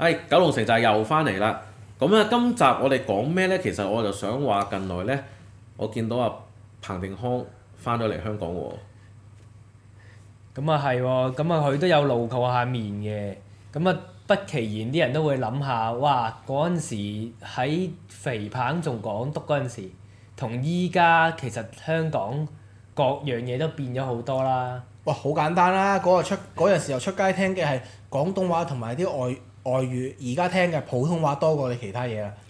誒、哎，九龍城就係又翻嚟啦。咁咧、啊，今集我哋講咩咧？其實我就想話，近來咧，我見到阿、啊、彭定康翻咗嚟香港喎、啊。咁啊係喎，咁啊佢都有露過下面嘅。咁啊不其然，啲人都會諗下，哇！嗰陣時喺肥彭仲做港督嗰陣時，同依家其實香港各樣嘢都變咗好多啦。哇！好簡單啦、啊，嗰、那、日、個、出嗰陣、那個、時候出街聽嘅係廣東話同埋啲外外語而家聽嘅普通話多過你其他嘢啦、啊。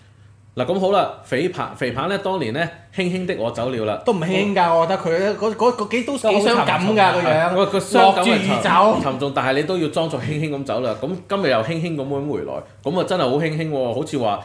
嗱咁、啊、好啦，肥扒肥扒咧，當年咧輕輕的我走了啦。都唔輕㗎，我覺得佢咧嗰嗰嗰幾都幾傷感㗎個、啊、樣。啊、傷感就似、啊、走沉重，但係你都要裝作輕輕咁走啦。咁今日又輕輕咁樣回來，咁啊真係好輕輕喎，好似話。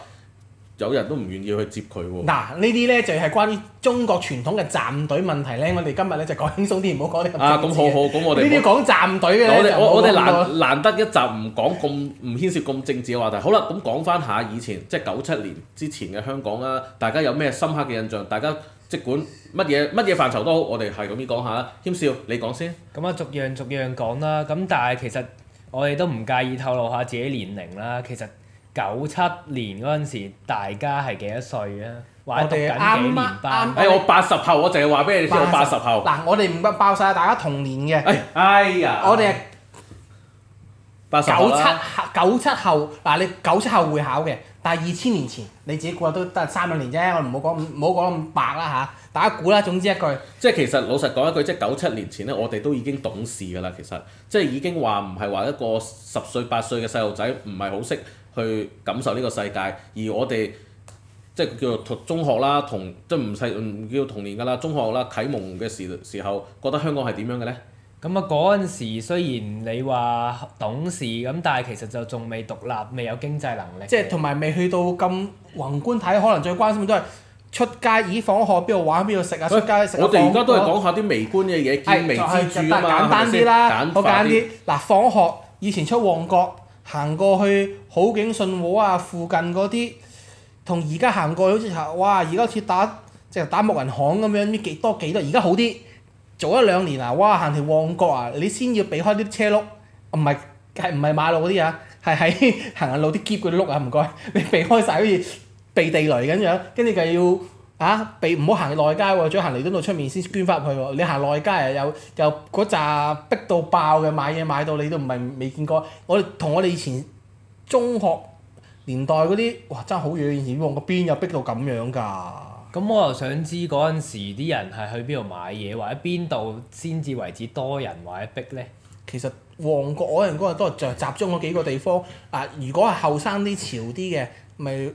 有人都唔願意去接佢喎、啊。嗱，呢啲咧就係、是、關於中國傳統嘅站隊問題咧。我哋今日咧就講輕鬆啲，唔好講啲咁啊。咁好好，咁我哋呢啲講站隊嘅咧。我我我哋難難得一集唔講咁唔牽涉咁政治嘅話題。好啦，咁講翻下以前，即係九七年之前嘅香港啦、啊。大家有咩深刻嘅印象？大家即管乜嘢乜嘢範疇都好，我哋係咁樣講下啦。謙少，你講先。咁啊，逐樣逐樣講啦。咁但係其實我哋都唔介意透露下自己年齡啦。其實。九七年嗰陣時，大家係幾多歲啊？我哋讀緊幾年班，誒、欸、我八十後，我淨係話俾你知 80,，我八十後。嗱，我哋唔會爆晒大家同年嘅。誒、哎，哎呀！我哋係八九七九七後，嗱你九七後會考嘅，但係二千年前，你自己估下都得三兩年啫，嗯、我唔好講唔好講咁白啦嚇，大家估啦，總之一句。即係其實老實講一句，即係九七年前咧，我哋都已經懂事噶啦，其實即係已經話唔係話一個十歲八歲嘅細路仔唔係好識。去感受呢個世界，而我哋即係叫做中學啦，同即係唔細唔叫童年㗎啦，中學啦啟蒙嘅時時候，覺得香港係點樣嘅咧？咁啊，嗰陣時雖然你話懂事咁，但係其實就仲未獨立，未有經濟能力。即係同埋未去到咁宏觀睇，可能最關心都係出街，咦？放學邊度玩，邊度食啊？出街食。我哋而家都係講下啲微觀嘅嘢，見微知著啊嘛，好、哎、簡單啲。嗱，放學以前出旺角，行過去。好景順和啊！附近嗰啲同而家行過好似嚇哇！而家好似打即係打木人巷咁樣，呢幾多幾多？而家好啲。早一兩年啊！哇，行條旺角啊！你先要避開啲車轆，唔係係唔係馬路嗰啲啊？係喺行下路啲篋嗰啲轆啊！唔該，你避開晒，好似避地雷咁樣，跟住就要啊避，唔好行內街喎，要行嚟都要出面先捐翻入去喎。你行內街啊，又又嗰扎逼到爆嘅買嘢買到你都唔係未見過。我哋同我哋以前。中學年代嗰啲，哇真係好遠，以前啲旺角邊有逼到咁樣㗎？咁我又想知嗰陣時啲人係去邊度買嘢，或者邊度先至為止多人或者逼咧？其實旺角嗰陣嗰日都係集中嗰幾個地方。啊，如果係後生啲潮啲嘅，咪誒、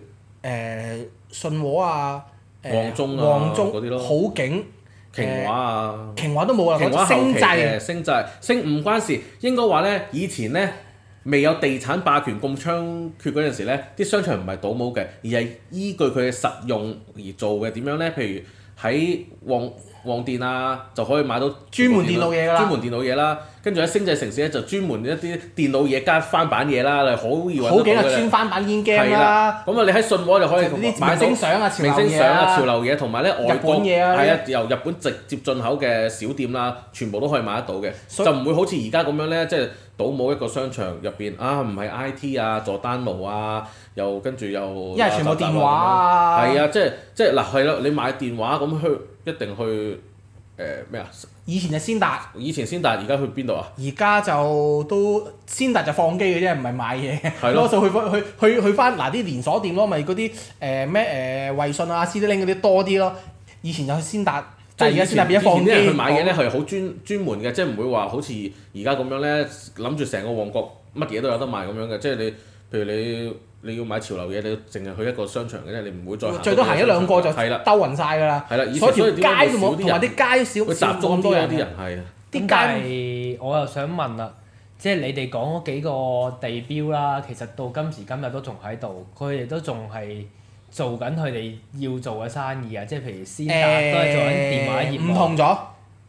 啊、信和啊，誒旺中啊嗰啲、啊、旺中咯，好景、瓊華啊、瓊華都冇啊，好星際，星際，星唔關事。應該話咧，以前咧。未有地產霸權咁猖獗嗰陣時咧，啲商場唔係倒模嘅，而係依據佢嘅實用而做嘅。點樣咧？譬如喺旺旺電啊，就可以買到專門電腦嘢啦。跟住喺星際城市咧，就專門一啲電腦嘢加翻版嘢啦，你好以揾好勁嘅穿翻版煙 game 啦！咁啊，你喺信和就可以買明星相啊，潮流嘢明星相啊，潮流嘢同埋咧，外國，係啊，由日本直接進口嘅小店啦，全部都可以買得到嘅以，就唔會好似而家咁樣咧，即係倒模一個商場入邊啊，唔係 I T 啊，佐丹奴啊，又跟住又一係全部電話，係啊，即係即係嗱係啦，你買電話咁去一定去。誒咩、呃、啊？以前就先達，以前先達，而家去邊度啊？而家就都先達就放機嘅啫，唔係買嘢。係咯是的。 多數去翻去去去翻嗱啲連鎖店咯，咪嗰啲誒咩誒衛訊啊、CD-Link 嗰啲多啲咯。以前就去先達，但係而家先達變咗放機。即係去買嘢咧，係好專專門嘅，我 即係唔會話好似而家咁樣咧，諗住成個旺角乜嘢都有得賣咁樣嘅。即係你，譬如你。你要買潮流嘢，你淨係去一個商場嘅啫，你唔會再行。最多行一兩個就係啦，兜勻晒㗎啦，了以所以條街都冇，同埋啲街少少咁多人。集中啲人係啊，點解？我又想問啦，即係你哋講嗰幾個地標啦，其實到今時今日都仲喺度，佢哋都仲係做緊佢哋要做嘅生意啊，即係譬如先達都係做緊電話業唔、欸、同咗。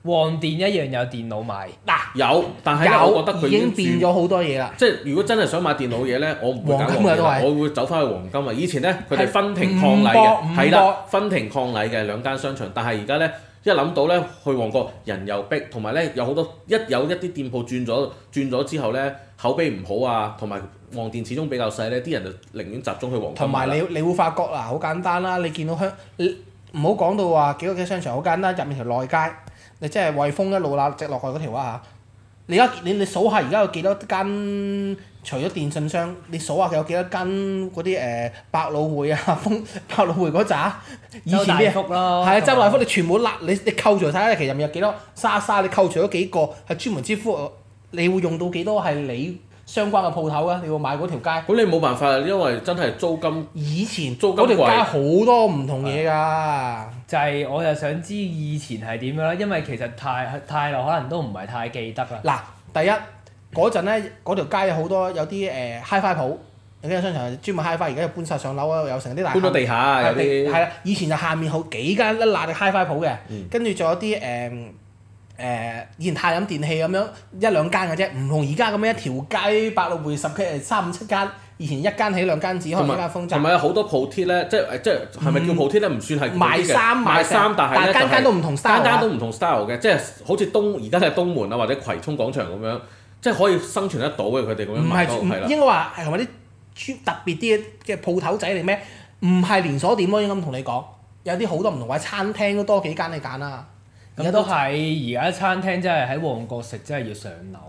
旺電一樣有電腦賣嗱，有，但係有我覺得佢已、已經變咗好多嘢啦。即係如果真係想買電腦嘢咧，我唔會揀旺電嘅，是我會走翻去黃金啊。以前咧佢哋分庭抗禮嘅，係啦，分庭抗禮嘅兩間商場。但係而家咧一諗到咧去旺角，人又逼，同埋咧有好多一有一啲店鋪轉咗轉咗之後咧口碑唔好啊，同埋旺電始終比較細咧，啲人就寧願集中去黃金。同埋你你會發覺啊，好簡單啦、啊，你見到香你唔好講到話幾個幾間商場好簡單，入面條內街。你即係惠豐一路啦，直落去嗰條哇嚇！你而家你你數下而家有幾多間？除咗電信商，你數下佢有幾多間嗰啲誒百老匯啊，豐百老匯嗰扎？ 周大福咯。係啊，周大福你全部甩你你扣除晒咧，其實入面有幾多？沙沙你扣除咗幾個係專門支付？你會用到幾多係你？相關嘅鋪頭啊，你要買嗰條街。咁你冇辦法，因為真係租金。以前，租金貴，嗰條街好多唔同嘢㗎，就係、是、我就想知以前係點樣啦，因為其實太太耐可能都唔係太記得啦。嗱，第一嗰陣咧，嗰條街有好多有啲誒 hi-fi 鋪，有啲商場專門 hi-fi 而家又搬晒上樓啊，又成啲大。搬咗地下啊！有啲。係啦，以前就下面好幾間辣、嗯、一辣嘅 hi-fi 鋪嘅，跟住仲有啲誒。誒，以前太飲電器咁樣一兩間嘅啫，唔同而家咁樣一條街百老匯十幾誒三五七間。以前一間起兩間止，開有間風箏。係咪啊？好多鋪貼咧，即係即係係咪叫鋪貼咧？唔算係賣衫賣衫，但係咧就係間間都唔同 style 嘅，即係好似東而家嘅東門啊，或者葵涌廣場咁樣，即係可以生存得到嘅佢哋咁樣。唔係是對應該話係同埋啲特別啲嘅鋪頭仔嚟咩？唔係連鎖店咯，應該咁同你講。有啲好多唔同，或者餐廳都多幾間你揀啦。而家都係，而家餐廳真係喺旺角食，真係要上樓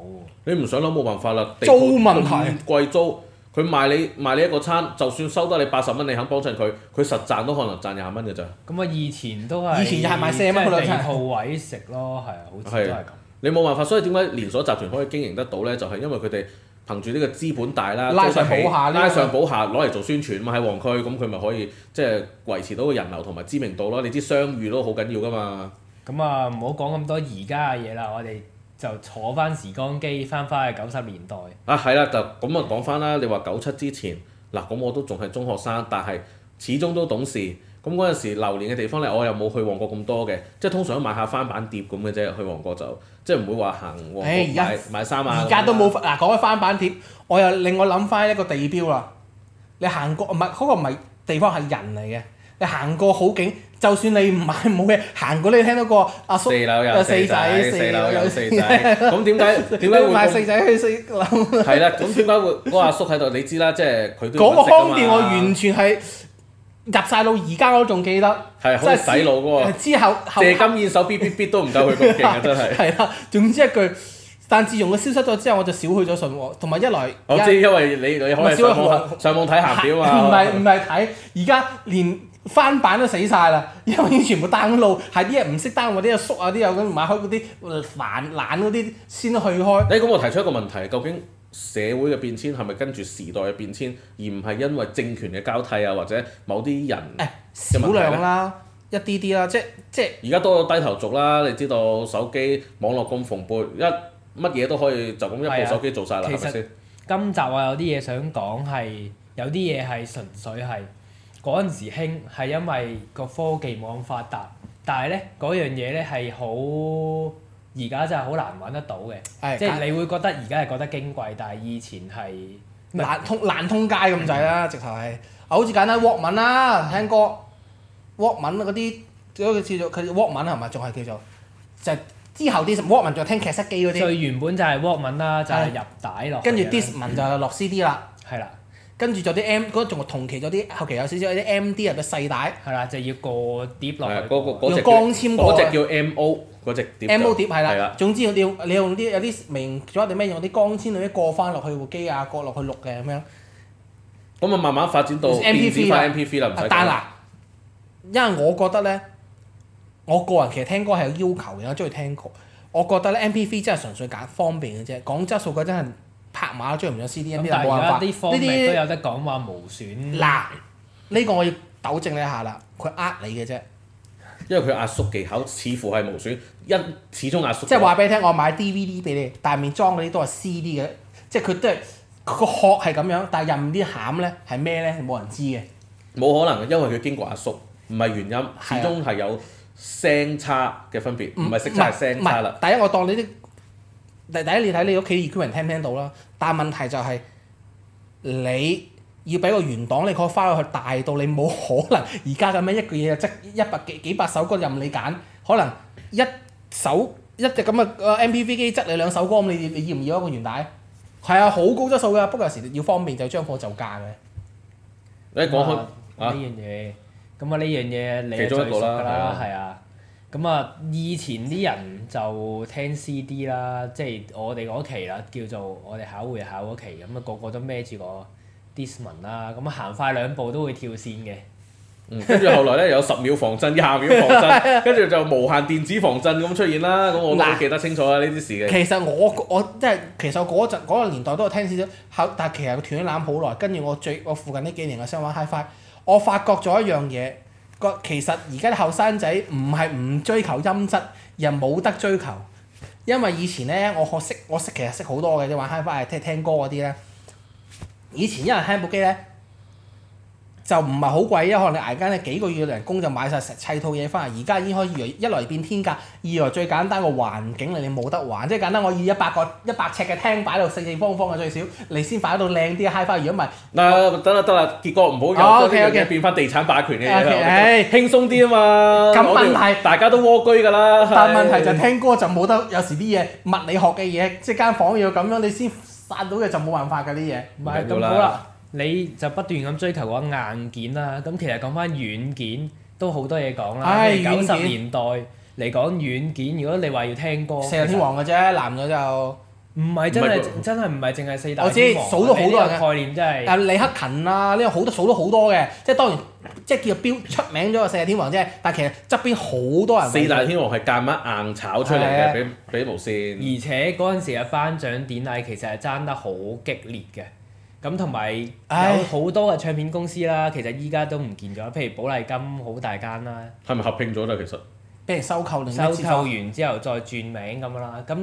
喎。你唔上樓冇辦法啦，租問題，貴租。佢賣你賣你一個餐，就算收得你八十蚊，你肯幫襯佢，佢實賺都可能賺廿蚊嘅咋。咁啊，以前都係以前又係賣四蚊兩餐鋪位食咯，係啊、嗯，好似都係咁。你冇辦法，所以點解連鎖集團可以經營得到咧？就係、是、因為佢哋憑住呢個資本大啦，拉上補下，拉上補下攞嚟做宣傳嘛。喺旺區，咁佢咪可以即係、就是、維持到個人流同埋知名度咯。你知商譽都好緊要㗎嘛。咁啊，唔好講咁多而家嘅嘢啦，我哋就坐翻時光機，翻翻去九十年代。啊，係啦，就咁啊，講翻啦。你話九七之前嗱，咁我都仲係中學生，但係始終都懂事。咁嗰陣時流連嘅地方咧，我又冇去旺角咁多嘅，即係通常都買下翻版碟咁嘅啫。去旺角就即係唔會話行旺角買，而家買衫啊，而家都冇。嗱，講翻翻版碟，我又令我諗翻一個地標啦！你行過唔係嗰個唔係地方係人嚟嘅，你行過好景。就算你唔買冇嘢，行過你聽到個阿叔四樓有四仔，四樓有四仔。咁點解點解會？你買四仔去四樓？係啦，咁點解會個阿叔喺度？你知啦，即係佢都唔識個光點我完全係入晒腦，而家我都仲記得。係，好洗腦嘅。之後謝金燕手，B B B 都唔夠佢咁勁啊！真係。係啦，總之一句，但自從佢消失咗之後，我就少去咗信和，同埋一來。我知因為你你可以上網上網睇行表啊。唔係唔係睇，而家連。翻版都死晒啦，因為全部 download 係啲人唔識 download，啲阿叔啊啲有咁買開嗰啲煩懶嗰啲先去開。誒，咁我提出一個問題，究竟社會嘅變遷係咪跟住時代嘅變遷，而唔係因為政權嘅交替啊，或者某啲人嘅問題呢？誒，少量啦，一啲啲啦，即即而家多咗低頭族啦，你知道手機網絡咁蓬勃，一乜嘢都可以就咁、啊、一部手機做晒啦。係咪先？其實今集啊，我有啲嘢想講係，有啲嘢係純粹係。嗰陣時興係因為個科技冇咁發達，但係咧嗰樣嘢咧係好而家真係好難揾得到嘅，的即係你會覺得而家係覺得矜貴，但係以前係難通難通街咁滯啦，的直頭係好似簡單鑊文啦，man，聽歌鑊文嗰啲，最多叫做佢鑊文係咪？仲係叫做就係、是、之後啲鑊文就聽劇室機嗰啲。最原本就係鑊文啦，就係入帶落。跟住 Diss 文就係落 CD 啦。係啦、嗯。跟住就啲 M，嗰仲同期嗰啲後期有少少啲 MD 入嘅細帶，係啦，就是、要過碟落去。係的，嗰個嗰隻的叫 MO 嗰隻。MO 碟係啦。的總之你要你用啲有啲明有啲咩用啲光纖嗰啲過翻落去部機啊，過落去錄嘅咁樣。咁啊，就慢慢發展到變節翻 MPV, MPV 但但嗱，因為我覺得咧，我個人其實聽歌係有要求嘅，我中意聽歌。我覺得咧 MPV 真係純粹揀方便嘅啫，講質素，佢真係。拍馬都追唔上 CDM 啲外發，呢啲都有得講話無損。嗱些，呢、這個我要糾正你一下啦，佢呃你嘅啫。因為佢壓縮技巧似乎係無損，因始終壓縮。即係話俾你聽，我買 DVD 俾你，但入面裝嗰啲都係 CD 嘅，即係佢都係個殼係咁樣，但係入面啲餡咧係咩咧？冇人知嘅。冇可能嘅，因為佢經過壓縮，唔係原音，始終係有聲差嘅分別，唔係、啊、色差係聲差啦。第一，我當你啲。第第一你睇你屋企 equipment 聽唔聽到啦，但係問題就係你要俾個原檔，你個 file 佢大到你冇可能而家咁樣一句嘢就執一百幾幾百首歌任你揀，可能一首一隻咁嘅 M P V 機執你兩首歌，你你要唔要一個原帶？係啊，好高質素㗎，不過有時要方便就將貨就價嘅。你講開呢樣嘢，咁啊呢樣嘢你係最熟㗎啦，係啊。咁啊，以前啲人就聽 CD 啦，即係我哋嗰期啦，叫做我哋考會考嗰期，咁啊個個都孭住個 discman 啦，咁啊行快兩步都會跳線嘅。跟住、嗯、 後來咧有十秒防震、廿秒防震，跟住 就無限電子防震咁出現啦。咁 我都記得清楚啊，呢啲事嘅。其實我我即係其實我嗰陣嗰個年代都有聽少少，但係其實斷咗纜好耐。跟住我最我附近呢幾年我想玩 HiFi，我發覺咗一樣嘢。個其實而家啲後生仔唔係唔追求音質，又冇得追求，因為以前咧我學識我識，我識，我識其實識好多嘅，即玩 Hi-Fi 係聽聽歌嗰啲咧。以前因為輕部機咧。就唔係好貴，因為你挨緊幾個月嘅人工就買晒成砌套嘢翻嚟，而家已經可以，以一來變天價，二來最簡單個環境你冇得玩，即係簡單我以一百個一百尺嘅廳擺到四四方方嘅最少，你先擺到靚啲嘅 high 翻，如果唔係得啦得啦，結果唔好有啲嘢、啊 okay, okay, 變翻地產霸權嘅，誒 okay, okay, 輕鬆啲啊嘛，咁問題大家都蝸居㗎啦，但係問，是問題就聽歌就冇得，有時啲嘢物理學嘅嘢，即係間房要咁樣你先散到嘅就冇辦法㗎啲嘢，唔係咁好啦。你就不斷咁追求嗰硬件啦，咁其實講返軟件都好多嘢講啦。九十、哎、呀年代嚟講軟件，如果你話要聽歌，四大天王嘅啫，實男嘅就唔係真係真係唔係淨係四大天王。我知數咗好多人概念真，真係、啊。啊李克勤啦、啊，呢、呢個好多數咗好多嘅，即係當然即係叫標出名咗四,四大天王啫，但係其實側邊好多人。四大天王係夾乜硬炒出嚟嘅，俾俾無綫。而且嗰陣時嘅頒獎典禮其實係爭得好激烈嘅。咁同埋有好多嘅唱片公司啦，其實依家都唔見咗，譬如寶麗金好大間啦。係咪合併咗啦？其實。俾人收購。收購完之後再轉名咁啦，咁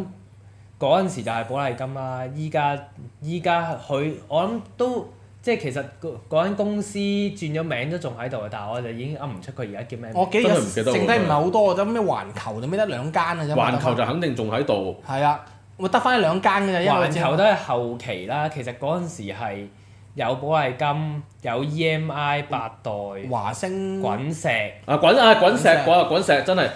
嗰陣時就係寶麗金啦。依家依家佢我諗都即係其實嗰間公司轉咗名都仲喺度，但係我就已經噏唔出佢而家叫咩名。我記得剩低唔係好多就咩環球就咩得兩間啊。環球就肯定仲喺度。係啊。我得翻兩間㗎咋，因為之後環球都係後期啦。其實嗰陣時係有寶麗金，有 EMI 八代，華星滾石啊，滾啊滾石，滾啊滾石，真係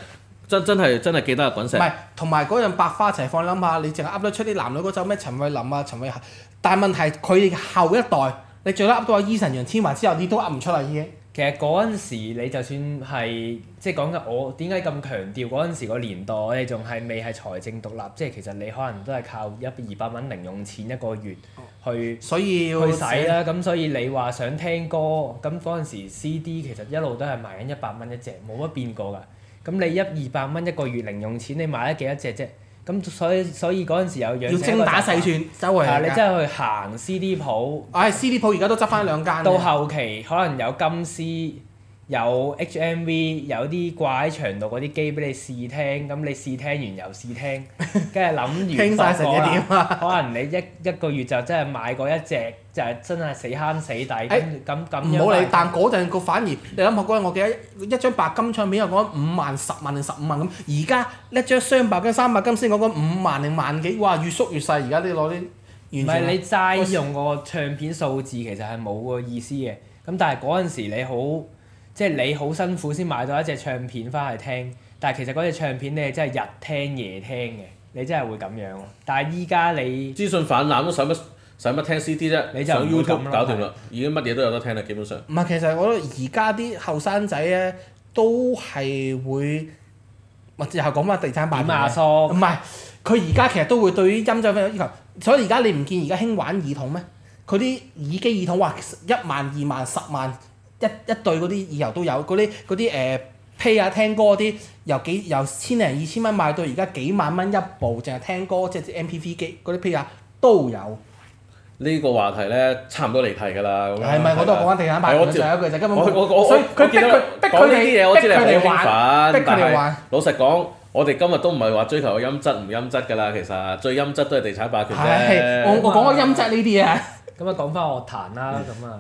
真真係真係記得啊，滾石。唔係石，同埋嗰陣百花齊放，你諗下，你淨係噏得出啲男女嗰陣咩？陳慧琳啊，陳慧嫻。但問題佢哋後一代，你最多噏到阿 Eason、楊千嬅之後，你都噏唔出喇已經。其實嗰陣時，你就算係即係講緊我點解咁強調嗰陣時個年代，我哋仲係未係財政獨立，即係其實你可能都係靠一二百蚊零用錢一個月去、哦、去使洗啦。咁的所以你話想聽歌，咁嗰陣時 CD 其實一路都係賣緊一百蚊一隻，冇乜變過㗎。咁你一二百蚊一個月零用錢，你買得幾多隻啫？咁所以所以嗰陣時有要精打細算，周圍行、啊、你真係去行 CD 鋪。唉、啊、CD 鋪，而家都執翻兩間。到後期可能有金絲。有 H.M.V. 有啲掛喺牆度嗰啲機俾你試聽，咁你試聽完又試聽，跟住諗完，傾晒成幾點啊。 可能你一一個月就真係買過一隻， 就係真係死慳死抵。咁咁咁樣、冇理。但嗰陣個反而，你諗下嗰陣，我記得一張白金唱片又講五,五萬、十萬定十五萬咁。而家一張雙白金、三百金先講緊五萬定萬幾？哇！越縮越細，而家啲攞啲。唔係你齋用個唱片數字其實係冇個意思嘅，咁但係嗰陣時你好。即係你好辛苦先買到一隻唱片翻去聽，但係其實嗰隻唱片你係真係日聽夜聽嘅，你真係會咁樣咯。但係依家你資訊泛濫都使乜使乜聽 CD 啫？你就上 YouTube 搞掂啦，已經乜嘢都有得聽啦，基本上。唔係，其實我覺得而家啲後生仔咧都係會，咪又係講翻地產霸權啊？唔係，佢而家其實都會對於音質有比較要求，所以而家你唔見而家興玩耳筒咩？佢啲耳機耳筒話一萬、二萬、十萬。一一對嗰啲以後都有，嗰啲嗰啲誒，披啊聽歌嗰啲，由幾由千零二千蚊買到而家幾萬蚊一部，淨係聽歌即係 MPV 機嗰啲披啊都有。呢個話題咧，差唔多離題㗎啦。係咪我都係講緊地產霸權？上一句就根本我我我所以佢逼佢逼佢哋逼佢哋玩逼佢哋玩，老實講，我哋今日都唔係話追求個音質唔音質㗎啦，其實最音質都係地產霸權啫。我我講個音質呢啲嘢，咁啊講翻樂壇啦，咁啊。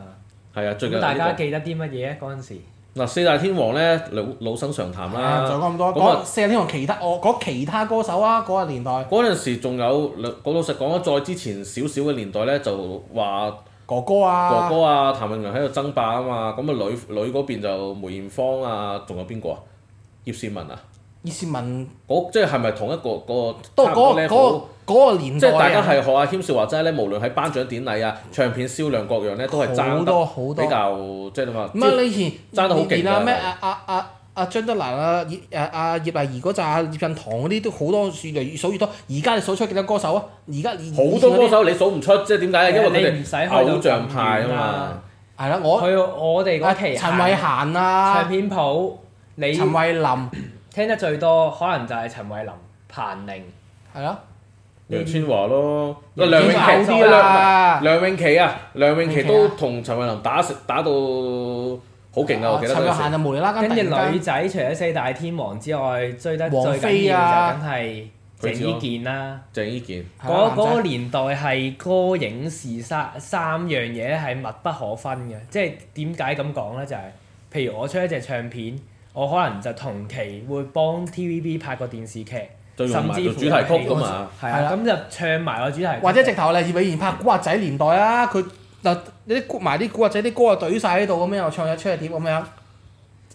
係啊，最緊要大家記得啲乜嘢啊？嗰陣時嗱，四大天王咧老老生常談啦。就講咁多。講就四大天王其他，我、哦、講、那個、其他歌手啊，嗰、那個年代。嗰陣時仲有兩，老實講啊，再之前少少嘅年代咧，就話哥哥啊，哥哥啊，譚詠麟喺度爭霸啊嘛。咁、那、啊、個，女女嗰邊就梅艷芳啊，仲有邊個啊？葉倩文啊？葉倩文，嗰即係咪同一個個？都嗰嗰嗰個年代即係大家係學阿謙少華仔咧，無論喺頒獎典禮啊、唱片銷量各樣咧，都係爭好多好多比較，即係點啊？唔係你以前爭得好勁啊！咩阿阿阿阿張德蘭啊、葉誒阿葉麗儀嗰紮、阿葉振棠嗰啲都好多，越嚟越數越多。而家你數出幾多歌手啊？而家好多歌手你數唔出，即係點解？因為你哋唔使偶像派啊嘛，係啦，我佢我哋嗰期陳慧嫻啊、唱片鋪、陳慧琳。聽得最多可能就係陳慧琳、彭寧，係咯、啊，嗯、楊千嬅咯、嗯，梁詠琪啦，梁詠琪啊，梁詠琪、啊、都同陳慧琳打打到好勁噶，我記得、啊、記跟住女仔除咗四大天王之外，追得最緊要就梗係鄭伊健啦，鄭伊健，嗰嗰個年代係歌影、影、視三三樣嘢係密不可分嘅，即係點解咁講咧？就係、是、譬如我出一隻唱片。我可能就同期會幫 TVB 拍個電視劇，甚至主題曲㗎嘛，係啦，咁就唱埋個主題曲，或者直頭例如以前拍《古惑仔》年代啊，佢嗱你啲埋啲古惑仔啲歌啊，懟曬喺度咁樣又唱咗出嚟點咁樣。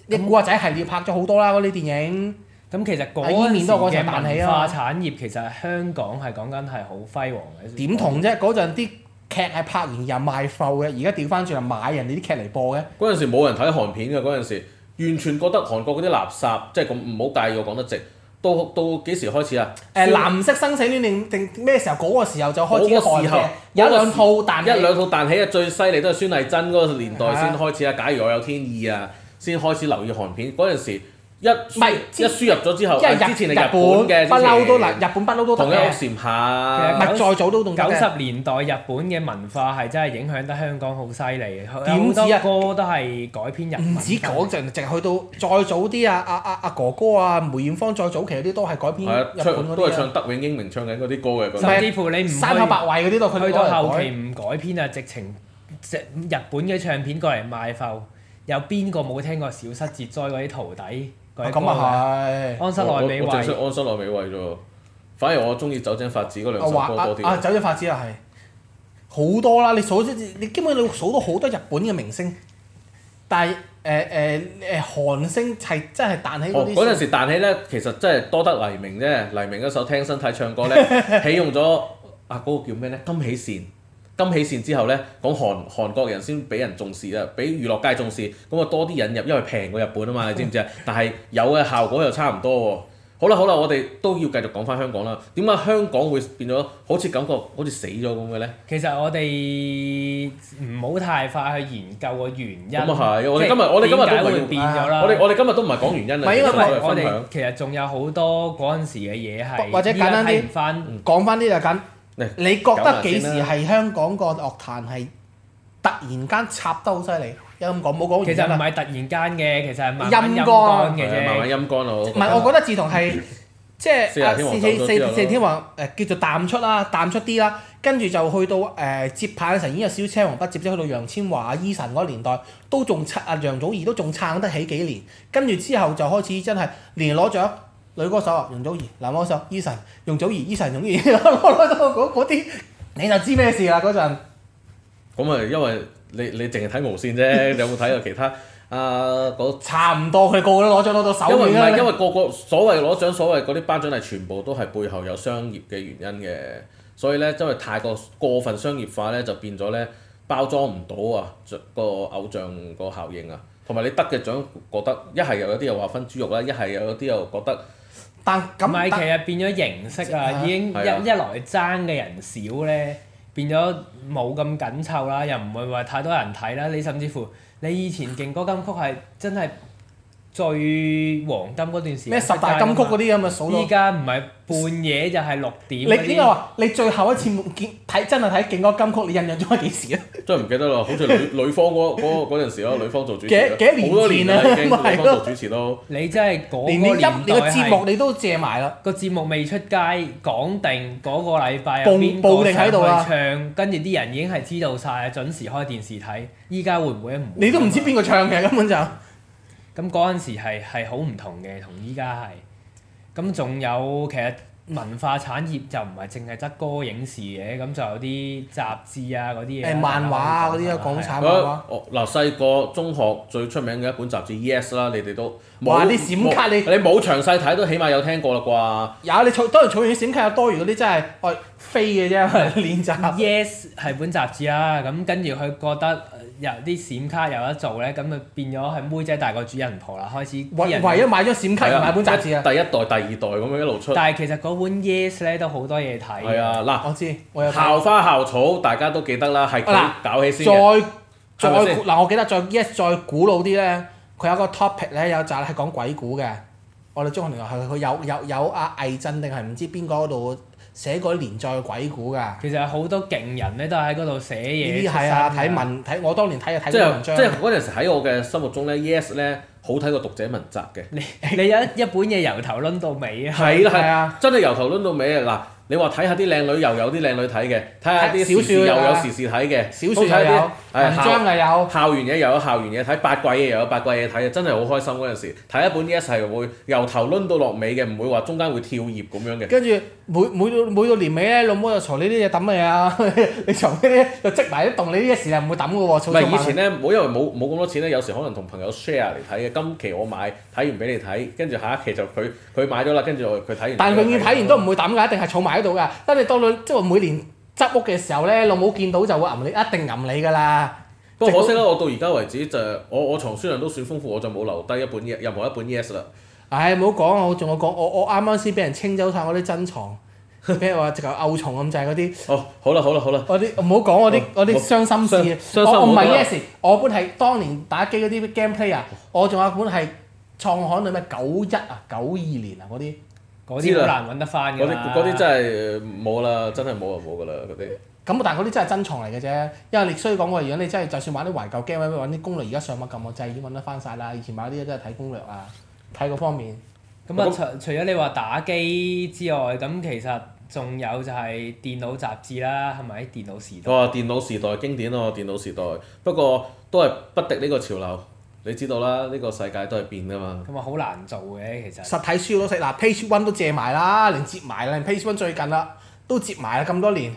啲古惑仔系列拍咗好多啦，嗰啲電影。咁其實嗰陣起啊，文化產業其實香港係講緊係好輝煌嘅。點同啫？嗰陣啲劇係拍完又賣埠嘅，而家調翻轉又買人哋啲劇嚟播嘅。嗰陣時冇人睇韓片嘅嗰陣時。完全覺得韓國嗰啲垃圾，即係咁唔好介意。我講得直。到到幾時開始啊？誒、呃、藍色生死戀定定咩時候？嗰，那個時候就開始代嘅。個時候有一套彈，一兩套彈起啊！起對最犀利都係孫藝珍嗰個年代先開始啊。假如我有天意啊，先開始留意韓片嗰陣時。一唔一輸入咗之後，因為之前係日本嘅，不嬲都嚟，日本不嬲都得。同一個時代，唔係再早都動。九十年代日本嘅文化係真係影響得香港好犀利，有好多歌都係改編日。唔止嗰陣，直去到再早啲啊！阿阿哥哥啊，梅艷芳再早期嗰啲都係改編。係啊，都係唱德永英明唱緊嗰啲歌嘅咁。甚至乎你唔三頭八位嗰啲都佢去到後期唔改編啊，直情即日本嘅唱片過嚟賣埠，有邊個冇聽過《小失節災》嗰啲徒弟？咁啊係，哦就是，安室奈美惠，我我我我安美惠安室奈美惠咋啫。反而我中意酒井法子嗰兩首歌多啲，啊。啊酒井法子又、啊、係好多啦！你數咗，你基本你數到好多日本嘅明星，但係誒誒誒韓星係真係彈起嗰啲。嗰陣、哦、時彈起咧，其實真係多得黎明啫。黎明嗰首《聽身體唱歌》咧，起用咗 啊嗰、嗰個叫咩咧？金喜善。金喜善之後咧，講韓韓國人先俾人重視啊，俾娛樂界重視。咁啊多啲引入，因為平過日本啊嘛，你知唔知啊？但係有嘅效果又差唔多喎、哦。好啦好啦，我哋都要繼續講翻香港啦。點解香港會變咗好似感覺好似死咗咁嘅咧？其實我哋唔好太快去研究個原因。咁啊係，我哋今日我哋今日都唔係我哋我哋今日都唔係講原因啊。唔係因為我哋其實仲有好多嗰陣時嘅嘢係。或者簡單啲，講翻啲就緊。你覺得幾時係香港個樂壇係突然間插得好犀利？有咁講冇講完其？其實唔係突然間嘅，其實係咪？慢慢陰乾嘅啫。光對慢慢唔係我，我覺得自從係即係四四四四天王誒、啊、叫做淡出啦，淡出啲啦，跟住就去到誒、呃、接棒嘅時候已經有少少青黃不接，即係去到楊千嬅啊、Eason 嗰年代都仲撐啊，楊祖兒都仲撐得起幾年，跟住之後就開始真係連攞獎。女歌手啊，容祖兒，男歌手 Eason，容祖兒 Eason 容祖兒嗰嗰啲，你就知咩事啦嗰陣。咁啊，因為你你淨係睇無線啫，你， 你有冇睇過其他啊？嗰差唔多，佢個個都攞獎攞到手軟。因為你因為個個所謂攞獎，所謂嗰啲頒獎禮，係全部都係背後有商業嘅原因嘅。所以咧，因為太過過分商業化咧，就變咗咧包裝唔到啊，個偶像個效應啊，同埋你得嘅獎覺得一係又有啲又話分豬肉啦，一係又有啲又覺得。唔係，其實變咗形式啊，已經一一來爭嘅人少咧，變咗冇咁緊湊啦，又唔會話太多人睇啦。你甚至乎，你以前勁歌金曲係真係。最黃金嗰段時，咩十大金曲嗰啲咁啊，數到依家唔係半夜就係六點你。你點啊？你最後一次見睇 真係睇勁歌金曲，你印象中係幾時啊？ 真係唔記得啦，好似女 女方嗰嗰嗰陣時咯，女方做主持，幾幾年，好多年啦已經，女方做主持都。 的你真係嗰個年代，連啲節目你都借埋啦。個節目未出街，講定嗰個禮拜邊個係會唱，跟住啲人已經係知道曬，準時開電視睇。依家會唔會啊？你都唔知邊個唱嘅根本就。 咁嗰陣時係係好唔同嘅，同依家係。咁仲有其實文化產業就唔係淨係得歌影視嘅，咁就有啲雜誌啊嗰啲嘢。誒漫畫啊嗰啲港產漫畫。嗱細個中學最出名嘅一本雜誌 Yes 啦，你哋都冇閃卡，你冇詳細睇都起碼有聽過啦啩？有你儲當然儲完閃卡有多餘嗰啲真係，我飛嘅啫練習。Yes 係本雜誌啊，咁跟住佢覺得。有啲閃卡有得做咧，咁就變咗係妹仔大過主人婆啦，開始。為為咗買咗閃卡，買本雜誌啊！一第一代、第二代咁樣一路出。但係其實嗰本 Yes 咧都好多嘢睇。係啊！嗱，我知，我有校花校草大家都記得啦，係佢搞起先嘅、啊。再再嗱，我記得再 Yes 再古老啲咧，佢有個 topic 咧，有集係講鬼故嘅。我哋中學同學係佢有有有阿魏震定係唔知邊個嗰度。寫過連載鬼故㗎，其實有好多勁人咧都喺嗰度寫嘢，係啊，睇文睇我當年睇嘅睇文章。即係嗰陣時喺我嘅心目中咧 ，yes 咧好睇過讀者文摘嘅。 你有一一本嘢由頭攆到尾啊！係啦，係啊，啊啊真係由頭攆到尾啊嗱。你話睇下啲靚女又有啲靚女睇嘅，睇下啲小說，時事又有時事睇嘅，小說都睇啲文章又有校園嘢又有校園嘢睇，八卦嘢又有八卦嘢睇，真係好開心嗰陣時。睇一本 YES 係會由頭攆到落尾嘅，唔會話中間會跳頁咁樣嘅。跟住每每到每到年尾咧，老母就藏你啲嘢揼乜嘢啊？ 你藏呢啲就積埋一棟，你呢、啊、YES 係唔會揼嘅喎。唔係以前咧，冇因為冇冇咁多錢咧，有時可能同朋友 share 嚟睇嘅。今期我買睇完俾你睇，跟住下一期就佢佢買咗啦，跟住我佢睇完。但係永遠睇完都唔會揼㗎，一定係儲埋。喺度噶，真係當你即係每年執屋嘅時候咧，老母見到就會吟你，一定吟你㗎啦。不過可惜啦，我到而家為止就係、是、我我藏書量都算豐富，我就冇留低一本任何一本 yes 啦。唉，唔好講我，仲有講我我啱啱先俾人清走晒我啲珍藏，俾人話直頭舊藏咁就係嗰啲。哦、oh，好啦好啦好啦。嗰啲唔好講嗰啲嗰啲傷心事啊！我唔係 yes，我本係當年打機嗰啲 game player，我仲有本係創刊嗰咩九一啊九二年啊嗰啲。嗰啲好難揾得翻嘅，嗰啲嗰啲真係冇啦，真係冇就冇㗎啦嗰啲。咁 但係嗰啲真係珍藏嚟嘅啫，因為你需要講過，如果你真係就算玩啲懷舊 game，揾啲攻略，而家上網撳個掣已經揾得翻晒啦。以前買嗰啲都係睇攻略啊，睇嗰方面。咁啊麼麼，除除咗你話打機之外，咁其實仲有就係電腦雜誌啦，係咪電腦時代？哦，電腦時代經典咯，哦，電腦時代，不過都係不敵呢個潮流。你知道啦，呢、呢個世界都係變噶嘛。咁啊，好難做嘅其實。實體書我都識，嗱，Page One 都借埋啦，連接埋啦，連 Page One 最近啦，都接埋啦，咁多年。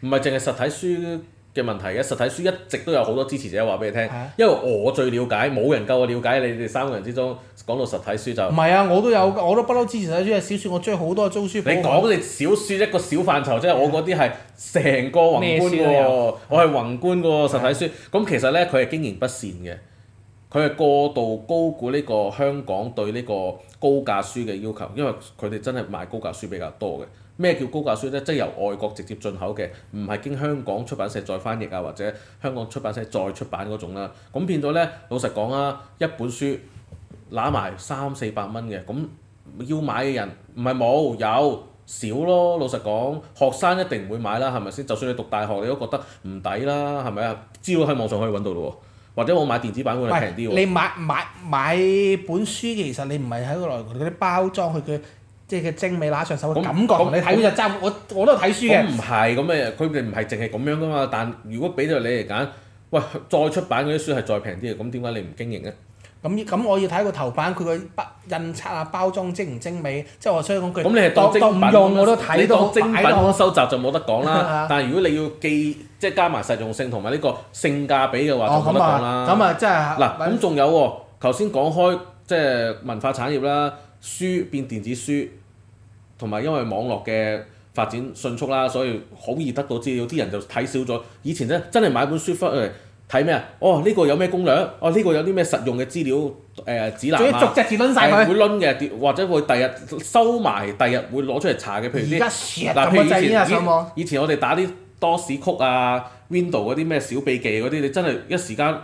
唔係淨係實體書嘅問題嘅，實體書一直都有好多支持者話俾你聽。啊、因為我最了解，冇人夠我了解你哋三個人之中講到實體書就是。唔係啊，我都有，啊、我都不嬲支持實體書啊！小說我追好多租書。你講嘅小說一個小範疇，即係我嗰啲係成個宏觀喎，啊、我係宏觀個實體書。咁、啊、其實咧，佢係經營不善嘅。佢係過度高估呢個香港對呢個高價書嘅要求，因為佢哋真係賣高價書比較多嘅。咩叫高價書咧？即係由外國直接進口嘅，唔係經香港出版社再翻譯啊，或者香港出版社再出版嗰種啦。咁變咗咧，老實講啊，一本書揦埋三四百蚊嘅，咁要買嘅人唔係冇，有少咯。老實講，學生一定唔會買啦，係咪先？就算你讀大學，你都覺得唔抵啦，係咪啊？只要喺網上可以揾到咯。或者我買電子版會平啲喎。你買買買本書，其實你唔係喺個內外嗰啲包裝，佢嘅即係佢精美拿上手嘅感覺你，你睇那我書就差我我都係睇書嘅。唔係咁嘅，佢哋唔係淨係咁樣噶嘛。但如果俾到你嚟揀，喂，再出版嗰啲書係再平啲嘅，咁點解你唔經營咧？咁咁我要睇個頭版，佢個印刷啊、包裝精唔精美？即係我所以講句當唔用我都睇，當精品，用精品收集就冇得講啦。 但係如果你要記，即係加埋實用性同埋呢個性價比嘅話，就冇得講啦。咁啊，即係嗱，咁仲有喎？頭先講開即係文化產業啦，書變電子書，同埋因為網絡嘅發展迅速啦，所以好易得到資料，啲人就睇少咗。以前咧真係買本書翻嚟。睇咩啊？哦，呢個有咩攻略？哦，呢個有啲咩實用嘅資料誒、呃、指南啊！逐隻字攆晒佢？會攆嘅，或者會第日收埋，第日會攞出嚟查嘅。譬如啲嗱，譬如以前以前我哋打啲多士曲啊、Window 嗰啲咩小秘技嗰啲，你真係一時間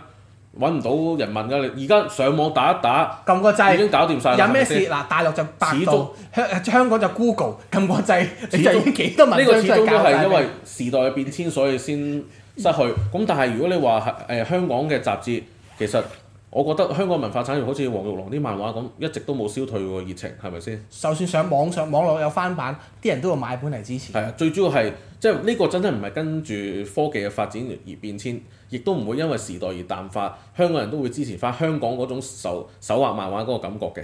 揾唔到人問㗎。你而家上網打一打，撳個掣已經搞掂晒。有咩事嗱、啊？大陸就百度，始終，香港就 Google，撳個掣。呢個始終都係因為時代嘅變遷，所以先。失去咁，但係如果你話係誒香港嘅雜誌，其實我覺得香港文化產業好似黃玉郎啲漫畫咁，一直都冇消退過熱情，係咪先？就算上網上網絡有翻版，啲人都會買本嚟支持。係啊，最主要係即係呢個真係唔係跟住科技嘅發展而變遷，亦都唔會因為時代而淡化。香港人都會支持翻香港嗰種手手畫漫畫嗰個感覺嘅，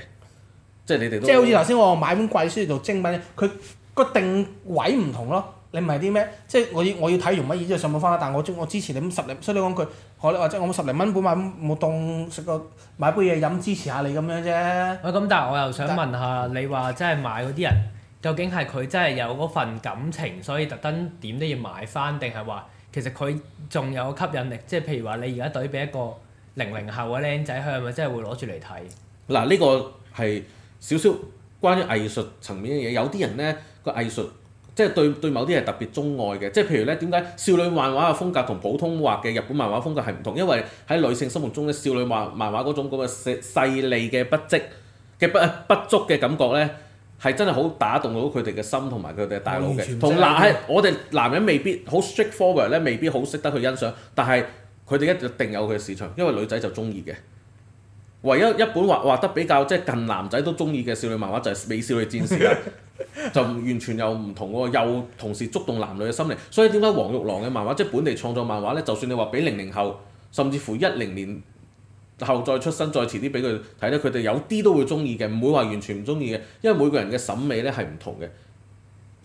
即係你哋都。即係好似頭先我買本貴書做精品，佢個定位唔同咯。你唔係啲咩？即係我要我要睇完乜嘢之後上網翻。但我我支持你咁十零，所以你講句：「可能或者我十零蚊本買冇當食個買杯嘢飲，支持下你咁樣啫。喂、嗯，咁但係我又想問下但你話，真係買嗰啲人，究竟係佢真係有嗰份感情，所以特登點都要買翻，定係話其實佢仲有吸引力？即係譬如話，你而家對比一個零零後嘅僆仔，佢係咪真係會攞住嚟睇？嗱、啊，呢、這個係少少關於藝術層面嘅嘢。有啲人咧個藝術。即係對對某啲係特別鍾愛嘅，即係譬如咧，點解少女漫畫嘅風格同普通畫嘅日本漫畫風格係唔同？因為喺女性心目中咧，少女漫漫畫嗰種咁嘅細細膩嘅筆跡嘅不足嘅感覺咧，係真係好打動到佢哋嘅心同埋佢哋嘅大腦嘅。同男，我哋男人未必好 straightforward 咧，未必好識得去欣賞，但係佢哋一定有佢嘅市場，因為女仔就中意嘅。唯一一本畫畫得比較即係近男仔都中意嘅少女漫畫就係《美少女戰士》。 就完全又唔同喎，又同時觸動男女嘅心靈，所以點解黃玉郎嘅漫畫即本地創作漫畫呢？就算你話俾零零後，甚至乎一零年後再出生再遲啲俾佢睇咧，佢哋有啲都會中意嘅，唔會話完全唔中意嘅，因為每個人嘅審美呢係唔同嘅。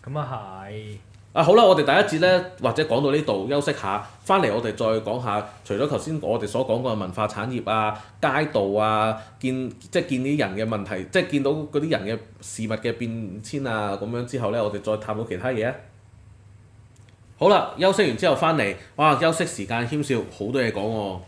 咁啊係。啊好啦，我哋第一節咧，或者講到呢度休息下，翻嚟我哋再講下。除咗頭先我哋所講過嘅文化產業啊、街道啊、見即係見啲人嘅問題，即係見到嗰啲人嘅事物嘅變遷啊，咁樣之後咧，我哋再探到討其他嘢啊。好啦，休息完之後翻嚟，哇！休息時間謙少好多嘢講喎。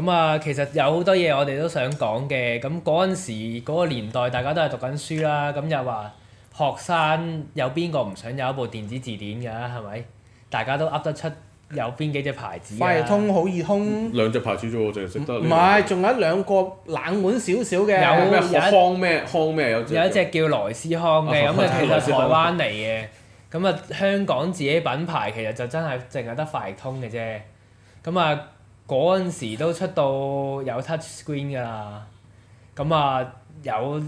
咁啊，其實有好多嘢我哋都想講嘅。咁嗰陣時嗰個年代大家都係讀緊書啦，咁又話。學生有邊個唔想有一部電子字典㗎？係咪？大家都噏得出有邊幾隻牌子？快易通、好易通。兩隻牌子啫喎，淨係識得。唔係，仲有兩個冷門少少嘅。有咩康咩康咩？有一隻叫萊斯康嘅，咁啊、嗯嗯、其實係台灣嚟嘅。咁啊，香港自己品牌其實就真係淨係得快易通嘅啫。咁啊，嗰陣時都出到有 touchscreen 㗎啦。咁啊！有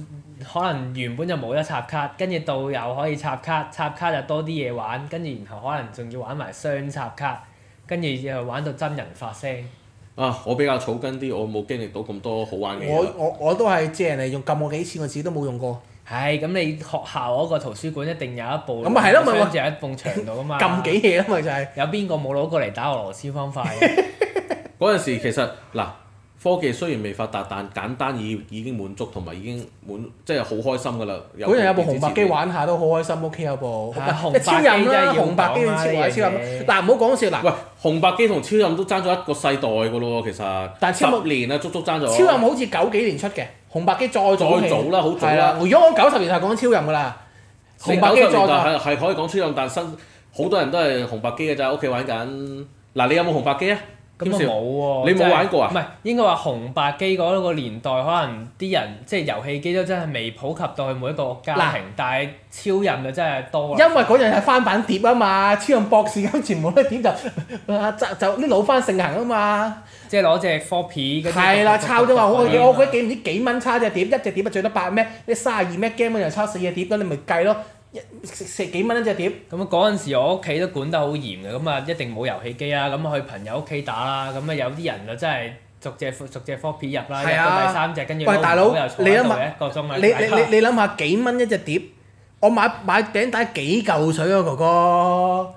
可能原本就冇得插卡，跟住到又可以插卡，插卡就多啲嘢玩，跟住然後可能仲要玩埋雙插卡，跟住又玩到真人發聲。啊！我比較草根啲，我冇經歷到咁多好玩嘅嘢。我我我都係即係人哋用撳我幾次，我自己都冇用過。係，咁你學校嗰個圖書館一定有一部。咁咪係咯，咪喎，仲有一埲牆度啊嘛。撳幾嘢啊嘛，就係、是。有邊個冇攞過嚟打俄羅斯方塊嘅？嗰陣 時其實嗱。科技雖然未發達，但簡單已已經滿足同埋已經滿，即係好開心㗎喇！本人有部紅白機玩下都好開心，屋企有部、啊、紅白機超、啊，超任啦！紅白機超超任，但嗱，唔好講笑嗱。喂，紅白機同超任都爭咗一個世代㗎咯喎，其實十年啊，足足爭咗。超任好似九幾年出嘅，紅白機再再早啦、啊，好早啦。如果我九十年代講超任㗎喇，紅白機再早係可以講超任，但係新好多人都係紅白機嘅咋，屋企玩緊。嗱、啊，你有冇紅白機啊？咁啊冇喎，你冇玩過啊？唔係應該話紅白機嗰個年代，可能啲人即係遊戲機都真係未普及到去每一個家庭，喇但係超人就真係多。因為嗰陣係翻版碟啊嘛，超人博士咁全部都碟就就啲老翻盛行啊嘛，即係攞隻 copy 係啦，抄啫嘛！我我覺得幾唔知幾蚊差隻碟，一隻碟啊最多百咩？啲三十二咩 game 嗰又抄四隻碟，咁你咪計咯。食幾蚊一隻碟？咁嗰陣時我屋企都管得好嚴嘅，咁啊一定冇遊戲機啊，咁去朋友屋企打啦，咁啊有啲人就真係逐隻逐隻方片入啦，入到、啊、第三隻，跟住攞咗又坐喺度一個鐘，喂，大佬，你諗下 幾蚊一隻碟？我買買餅帶幾嚿水啊，哥哥！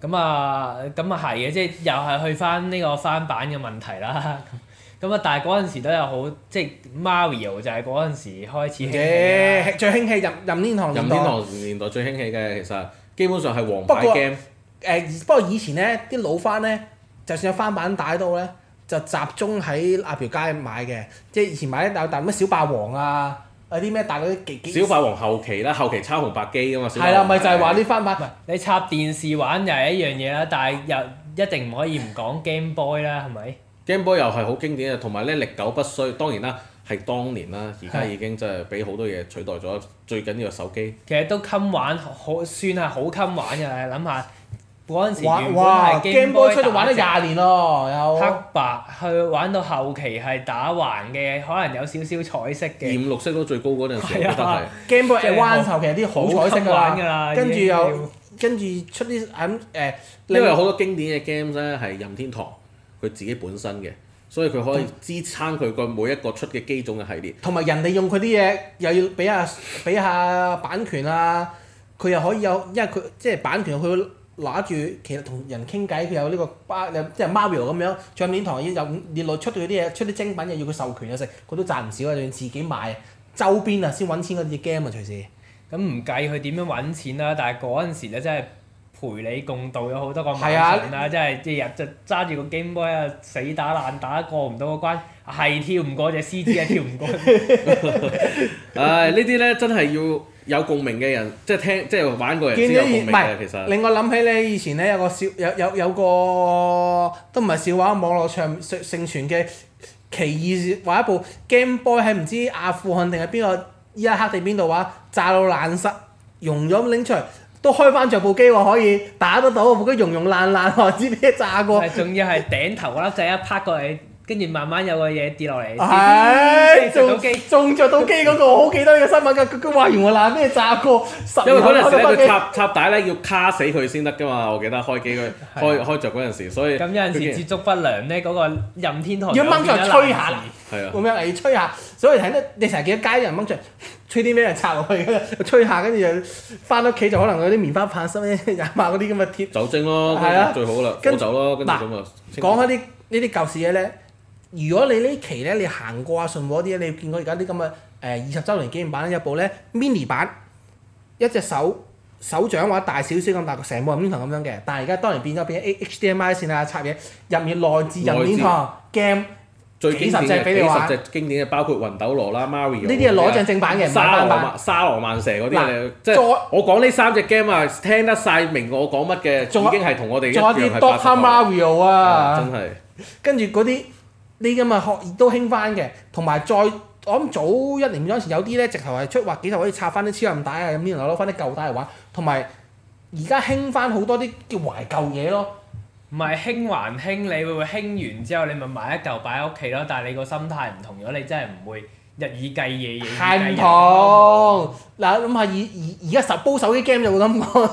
咁啊，咁啊係嘅，即係又係去翻呢個翻版嘅問題啦。 咁啊！但係嗰陣時都有好，即係 Mario 就係嗰陣時開始興嘅，yeah, 最興起任任天堂任天堂年代最興起嘅其實基本上係黃牌 game。誒不、呃、不過以前咧啲老翻咧，就算有翻版帶都好咧，就集中喺阿條街買嘅。即係以前買一大但咩小霸王啊，有啲咩大嗰啲幾幾。幾小霸王後期啦，後期抄紅白機啊嘛。係啦，咪就係話啲翻版，唔係你插電視玩又係一樣嘢啦。但係又一定唔可以唔講 Game Boy 啦，係咪？Game Boy 又係好經典嘅，同埋咧歷久不衰。當然啦，係當年啦，而家已經真係俾好多嘢取代咗。最緊要係手機。其實都襟玩，好算係好襟玩嘅。諗下嗰陣時，哇 Game Boy 出到玩咗廿年咯，有黑白去玩到後期係打橫嘅，可能有少少彩色嘅。五六色都最高嗰陣時都得 Game Boy S One 後期啲好彩色玩㗎啦，跟住又跟住出啲係咁誒。因為好多經典嘅 games 咧係任天堂。佢自己本身嘅，所以佢可以支撐佢個每一個出嘅機種嘅系列，同埋人哋用佢啲嘢，又要俾下，俾下版權啊，佢又可以有，因為佢即係版權會，佢拿住其實同人傾偈，佢有呢、呢個包、啊，即係 Mario 咁樣，唱片台要有，你攞出佢啲嘢，出啲精品又要佢授權又剩，佢都賺唔少啊！仲要自己賣周邊啊，先揾錢嗰啲 game 啊，隨時。咁唔計佢點樣揾錢啦，但係嗰陣時咧真係～陪你共度有好多個晚上啦，啊，即係日日就揸住個 game boy 啊，死打爛打過唔到個關，係跳唔過隻獅子啊，跳唔過。唉，呢啲咧真係要有共鳴嘅人，即係聽即係玩過嘅人先有共鳴嘅。是其實令我諗起你以前咧，有個笑有有有個都唔係笑話，網絡上盛傳嘅奇異話一部 game boy 喺唔知阿富汗定係邊個伊拉克定係邊度話炸到爛晒，溶咗咁拎出嚟。都開翻著部機喎，可以打得到，部機融融爛爛，爛，知咩炸過？仲 要係頂頭嗰粒掣一拋過嚟。跟住慢慢有個嘢跌落嚟，係中中著到機嗰個，我好記得呢個新聞㗎。佢佢話完我攔咩炸過十萬幾。因為嗰陣時，插插帶咧要卡死佢先得㗎嘛！我記得開機佢開開著嗰陣時，所以咁有陣時接觸不良咧嗰個任天堂。要掹出嚟吹下，係啊，冇咩嚟吹下。所以睇得你成日見到街人掹出嚟吹啲咩嚟插落去，跟吹下，跟住就翻屋企就可能嗰啲棉花棒、濕嘢、廿萬嗰啲咁嘅貼。酒精咯，係啊，最好啦，果酒咯，跟住咁啊。講開啲呢啲舊事嘢咧。如果你期呢期咧，你行過啊順和啲咧，你見過而家啲咁嘅誒二十周年紀念版一部咧 mini 版，一隻手手掌或者大小小咁大，成部入面盤咁樣嘅。但係而家當然變咗變 HDMI 線啊，插嘢入面內置入面盤 game 最幾十隻俾你玩。幾十隻經典嘅包括雲斗羅啦 Mario。呢啲係攞正正版嘅。版沙羅曼沙羅曼蛇嗰啲即係我講呢三隻 game 啊，聽得晒明我講乜嘅，已經係同我哋仲有啲 Doctor Mario 啊！真係跟住嗰啲。呢啲咁嘅學業都興翻嘅，同埋再我諗早一年嗰陣時，有啲咧直頭係出話幾時可以拆翻啲超硬帶啊，咁然後攞翻啲舊帶嚟玩，同埋而家興翻好多啲叫懷舊嘢咯。唔係興還興，你會唔會興完之後你咪買一嚿擺喺屋企咯？但係你個心態唔同咗，你真係唔會。日以繼夜，以繼夜係唔同嗱，諗下而而家十煲手機 game 有冇諗過？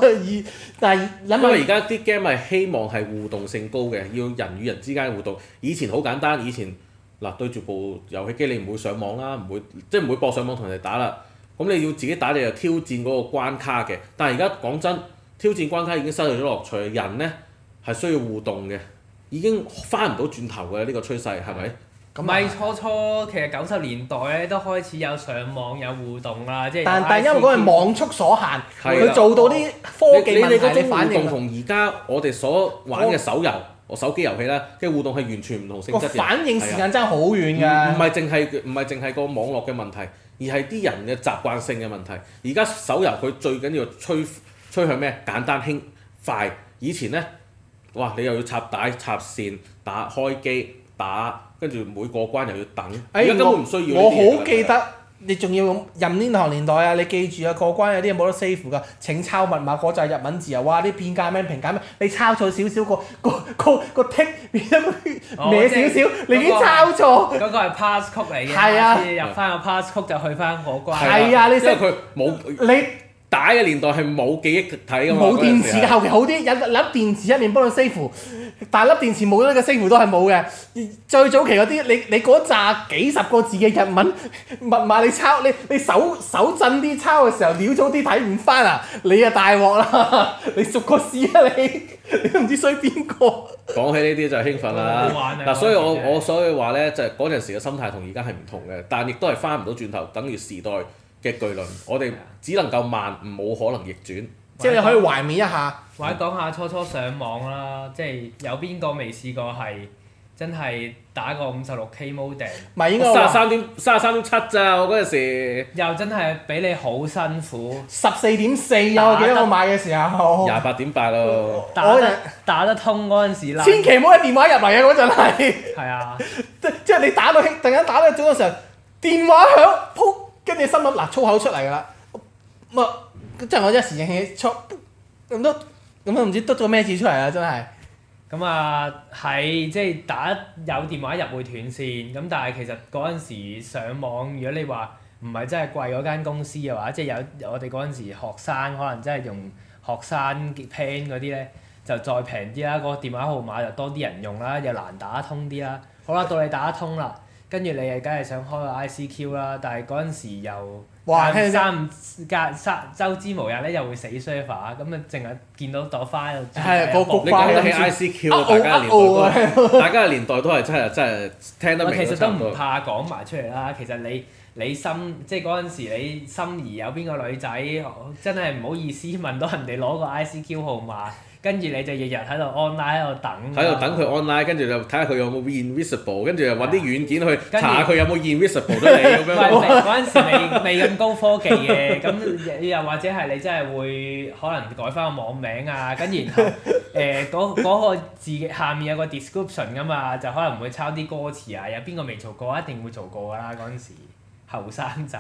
但係諗下。而家啲 game 係希望係互動性高嘅，要人與人之間互動。以前好簡單，以前嗱對住部遊戲機，你唔會上網啦，唔會即係唔會搏上網同人哋打啦。咁你要自己打你就挑戰嗰個關卡嘅。但係而家講真，挑戰關卡已經失去咗樂趣。人咧係需要互動嘅，已經翻唔到轉頭嘅呢、這個趨勢係咪？唔係初初，其實九十年代咧都開始有上網有互動啦，即係但但因為嗰個網速所限，佢的做到啲科技問題，你，你，種反你反應同而家我哋所玩嘅手遊、我手機遊戲啦嘅互動係完全唔同性質嘅。反應時間爭好遠㗎。唔係淨係唔係淨係個網絡嘅問題，而係啲人嘅習慣性嘅問題。而家手遊佢最緊要趨趨向咩？簡單輕快。以前咧，哇！你又要插帶插線打開機。打跟住每過關又要等，而家唔需要我。我好記得，吧你仲要用任天堂年代啊！你記住啊，過關有啲嘢冇得 save 㗎。請抄密碼嗰就係日文字啊！哇，啲編解咩評解咩，你抄錯少少、啊、個個個個 tick，咩少少，你已經抄錯。嗰個係 pass 曲嚟嘅，下啊，入翻個 pass 曲就去翻嗰關。係啊，呢即係佢冇你。解嘅年代係冇記憶體㗎嘛，冇電池嘅後期好啲，有粒電池一面幫你 save，但係粒電池冇粒嘅 save 都係冇嘅。最早期嗰啲，你你嗰扎幾十個字嘅日文密碼你抄，你你手手震啲抄嘅時候潦草啲睇唔翻啊，你啊大鑊啦，你熟個屎啊你，你都唔知衰邊個。講起呢啲就興奮啦，嗱 所以我我所以話咧就嗰、係、陣時嘅心態同而家係唔同嘅，但亦都係翻唔到轉頭，等於時代嘅巨輪，我哋只能夠慢，冇可能逆轉。即係你可以懷緬一下，或者講下初初上網啦。即係有邊個未試過係真係打個五十六 K modem？唔係應該三十三點三十三點七咋？我嗰陣時又真係比你好辛苦，十四點四有幾多個買嘅時候？廿八點八咯，打得，也打得通嗰陣時，千祈唔好喺電話入嚟啊！嗰陣係係啊，即係你打到突然間打到早嗰時候，電話響，撲～跟住心諗嗱、啊、粗口出嚟㗎啦，唔啊，即係我一時興起粗咁多，咁都唔知嘟咗咩字出嚟啊！真、啊、係，咁啊係即係打有電話入會斷線，咁但係其實嗰陣時上網，如果你話唔係真係貴嗰間公司嘅話，即係有，有我哋嗰陣時學生可能真係用學生 plan 嗰啲咧，就再平啲啦，個電話號碼就多啲人用啦，又難打得通啲啦。好啦，到你打得通啦。跟住你係梗係想開個 ICQ 啦，但係嗰陣時又隔哇三隔是三週之無日咧又會死 server，咁啊淨係見到朵花。係是，朵朵你講起 ICQ，大家年代都係、啊啊、大家年代都係 真係真係聽得明。其實都唔怕講埋出嚟啦。 其實你你心即係嗰陣時你心儀有邊個女仔，真係唔好意思問到人哋攞個 ICQ 號碼。跟住你就日日喺度 online 喺度等，喺度等佢 online，跟住就睇下佢有冇 invisible，跟住又揾啲軟件去查下佢有冇 invisible 得你咁樣。唔係嗰陣時未未咁高科技嘅，咁又或者係你真係會可能改翻個網名啊，跟然後誒嗰嗰個字下面有個 description 噶嘛，就可能會抄啲歌詞啊，有邊個未做過？一定會做過噶啦嗰陣時，後生仔。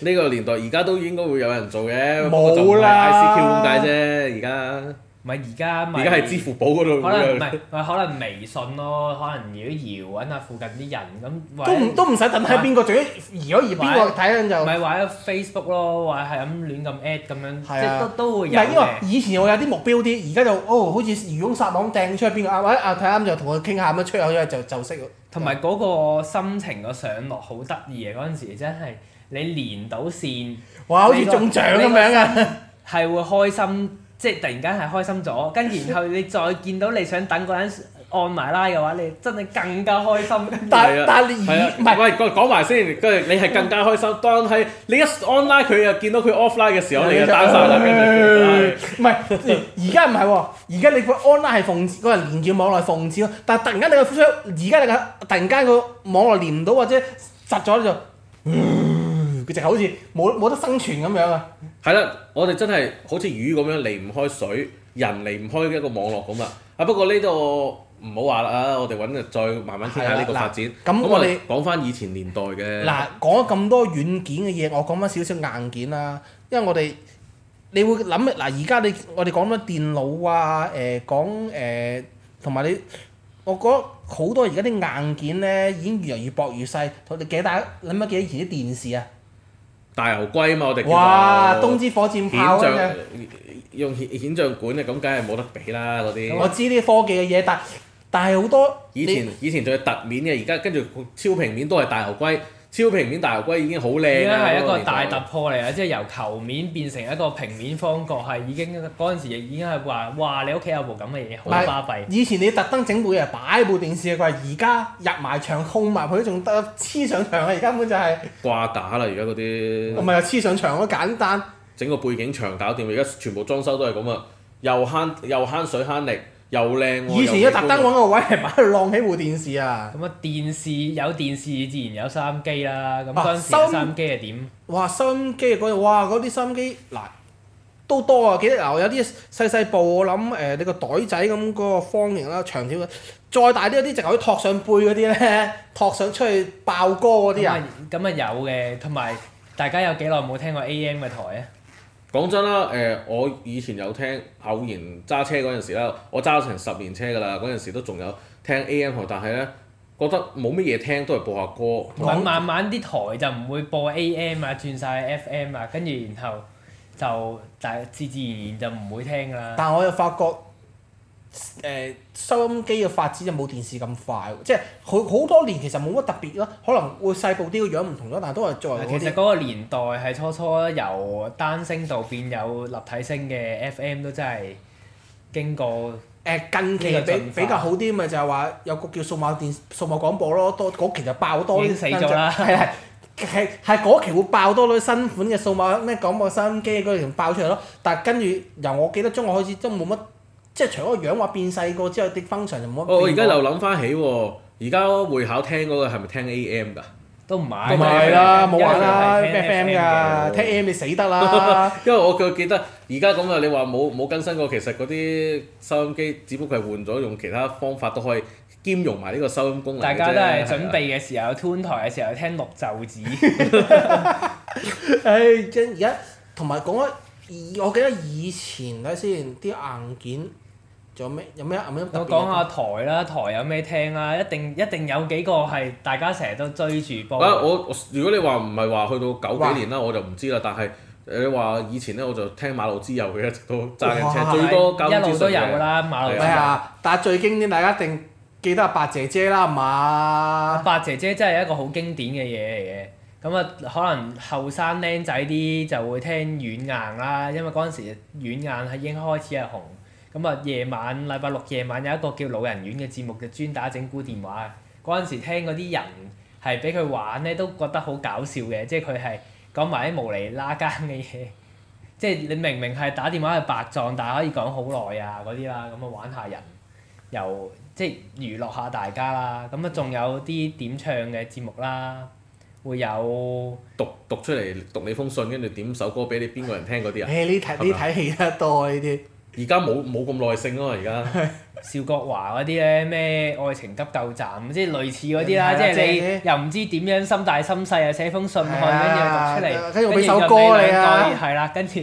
呢個年代而家都應該會有人做嘅，不過就唔係 ICQ 咁解啫，而家。唔係而家，而家係支付寶嗰度，可能唔係， 可能微信咯，可能者如果搖揾下附近啲人咁。都唔都唔使等睇邊個，最一搖咗搖邊個睇緊就。唔係話喺者 Facebook 咯，玩係咁亂咁 at 咁樣，啊、即都都會有唔係因為以前我有啲目標啲，而家就哦好似漁翁撒網掟出去邊個啱，喂啊睇啱就同佢傾下咁樣出去，因為就就識。同埋嗰個心情個上落好得意呀嗰陣時真，真係你連到線。哇！好似中獎咁樣啊、 那個、～係會開心。即係突然間係開心咗，跟住然後你再見到你想等嗰個人按埋拉嘅話，你真係更加開心。但但你以唔係，講講埋先，跟住你係更加開心。當係你一按拉，佢又見到佢 offline 嘅時候，你就 down 曬啦。唔係而家唔係喎，而家你個 online 係奉旨，嗰人連住網絡奉旨咯。但係突然間你個而家你突然間個網絡連唔到或者窒咗你就。佢淨係好似冇冇得生存咁樣啊！係啦， 我哋真係好似魚咁樣離唔開水，人離唔開一個網絡咁啊！啊不過呢度唔好話啦啊，我哋揾日再慢慢睇下呢個發展。咁我哋講翻以前年代嘅嗱，講咗咁多軟件嘅嘢，我講翻少少硬件啦，因為我哋你會諗嗱，而家你我哋講咗電腦啊，誒講誒同埋你，我覺得好多而家啲硬件咧已經越嚟越薄越細，你幾大諗下幾年前啲電視啊？大牛龜嘛，我哋叫哇！東芝火箭炮嗰像用顯顯像管嘅咁，梗係冇得比啦嗰啲。我知呢啲科技嘅嘢，但但係好多。以前你 以前仲有凸面嘅，而家跟住超平面都係大牛龜。超平面大螢龜已經好靚啦！依家係一個大突破嚟啊！ 即係由球面變成一個平面方角，係已經嗰陣時已經係話：哇！你屋企有部咁嘅嘢，好巴閉。是以前你特登整部嘢擺喺部電視嘅櫃，而家入埋牆控埋佢仲得黐上牆啊！而家根本就係、是、掛打啦，而家嗰啲。唔係啊，黐上牆咯，簡單。整個背景牆搞掂，而家全部裝修都係咁啊，又慳又慳水慳力。又靚喎、啊！以前要特登揾個位嚟喺度晾起部電視啊！咁 啊，電視有電視自然有收音機啦。咁當時收音機係點、嗯？哇！收音機嗰度，哇、那個，嗰啲收音機嗱都多啊！記得嗱，有啲細細部，我諗誒、呃，你個袋仔咁嗰個方形啦，長條再大啲嗰啲，淨係可以托上背嗰啲咧，托上出去爆歌嗰啲啊！咁啊、嗯嗯嗯、有嘅，同埋大家有幾耐冇聽過 AM 嘅台咧？講真啦，誒、呃，我以前有聽偶然揸車嗰陣時啦，我揸咗成十年車噶啦，嗰陣時都仲有聽 AM 台，但係咧，覺得冇乜嘢聽，都係播下歌。同慢慢啲台就唔會播 AM 啊，轉晒 FM 啊，跟住然後就但係自自然然就唔會聽啦。但我又發覺。誒收音機嘅發展就冇電視咁快，即係佢好多年其實冇乜特別咯，可能會細部啲個樣唔同咗，但係都係作為其實嗰個年代係初初由單聲道變有立體聲嘅 FM 都真係經過誒近期比比較好啲，咪就係話有個叫數碼電視數碼廣播咯，多嗰期就爆多啲死咗啦。係係係係，嗰期會爆多啲新款嘅數碼咩廣播收音機嗰時爆出嚟咯，但係跟住由我記得中學開始都冇乜。即係除咗個樣話變細個之後，啲 function 就冇乜，哦。我而家又諗翻起喎，而家會考聽嗰個係咪聽 AM 㗎？都唔係，都唔係啦，冇話啦，咩，FM 㗎，聽 AM 你死得啦！ 因為我記記得而家咁啊，你話冇冇更新過，其實嗰啲收音機只不過係換咗用其他方法都可以兼容埋呢個收音功能。大家都係準備嘅時候，turn、啊、台嘅時候聽六就子。唉、 哎，真而家同埋講開，我記得以前睇下先啲硬件。仲有咩有咩我講下台啦，台有咩聽啦、啊？一定一定有幾個係大家成日都追住播，啊。如果你話唔係話去到九幾年啦，哇我就唔知啦。但係你話以前咧，我就聽馬路之友，嘅哇，一直都揸緊車最多，啊。一路都有啦，馬路之友，啊，但係最經典大家一定記得阿白姐姐啦，係嘛？白姐姐真係一個好經典嘅嘢嚟嘅。咁啊，可能後生僆仔啲就會聽軟硬啦，因為嗰陣時軟硬係已經開始係紅。咁啊，夜晚禮拜六夜晚有一個叫老人院嘅節目，就專打整蠱電話嘅。嗰陣時聽嗰啲人係俾佢玩咧，都覺得好搞笑嘅。即係佢係講埋啲無厘拉更嘅嘢，即係你明明係打電話係白撞，但係可以講好耐啊嗰啲啦。咁啊，玩下人，又即係娛樂下大家啦。咁啊，仲有啲點唱嘅節目啦，會有讀讀出嚟讀你封信，跟住點首歌俾你邊個人聽嗰啲啊。誒呢睇呢睇戲得多呢啲。而家冇冇咁耐性咯、啊，而家。 邵國華嗰啲咧，咩愛情急救站，即係類似嗰啲啦， 即係你又唔知點樣心大心細啊，寫封信，去 跟住讀出嚟， 跟住俾首歌你啊，係 啦，跟住。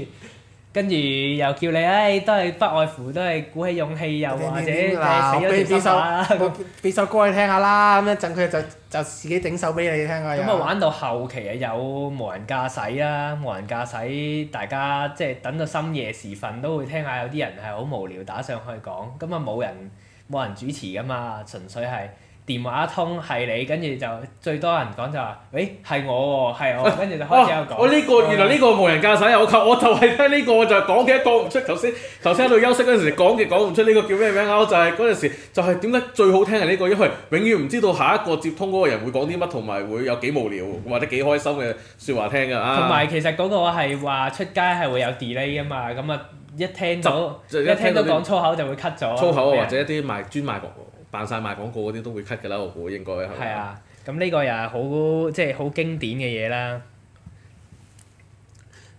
跟住又叫你，唉、哎，都係不外乎都係鼓起勇氣又或者叮叮叮叮叮死咗啲命啦。俾首歌你聽下啦，咁一陣佢就就自己整首俾你聽啊。咁啊、嗯，玩到後期啊，有無人駕駛啦，無人駕駛，大家即係等到深夜時分都會聽下，有啲人係好無聊打上去講，咁啊冇人冇人主持噶嘛，純粹係。電話通係你，跟住就最多人講就話，喂、欸，係我喎、哦，係我，跟住、啊、就開始有講、哦。我呢、這個、哦、原來呢個無人駕駛，我靠，我就係聽呢、這個，我就係講幾個講唔出。頭先頭先喺度休息嗰陣時講嘅講唔出，呢、這個叫咩名歐？就係嗰陣時就係點解最好聽係呢、這個，因為永遠唔知道下一個接通嗰個人會講啲乜，同埋會有幾無聊或者幾開心嘅説話聽㗎啊！同埋其實嗰個係話出街係會有 delay 㗎嘛，咁啊一聽到一聽到講粗口就會 cut 咗，粗口或者一啲賣專賣貨，扮晒賣廣告嗰啲都會 cut 㗎、啊就是、啦，我估應該係。啊，咁呢個又係好即係好經典嘅嘢啦。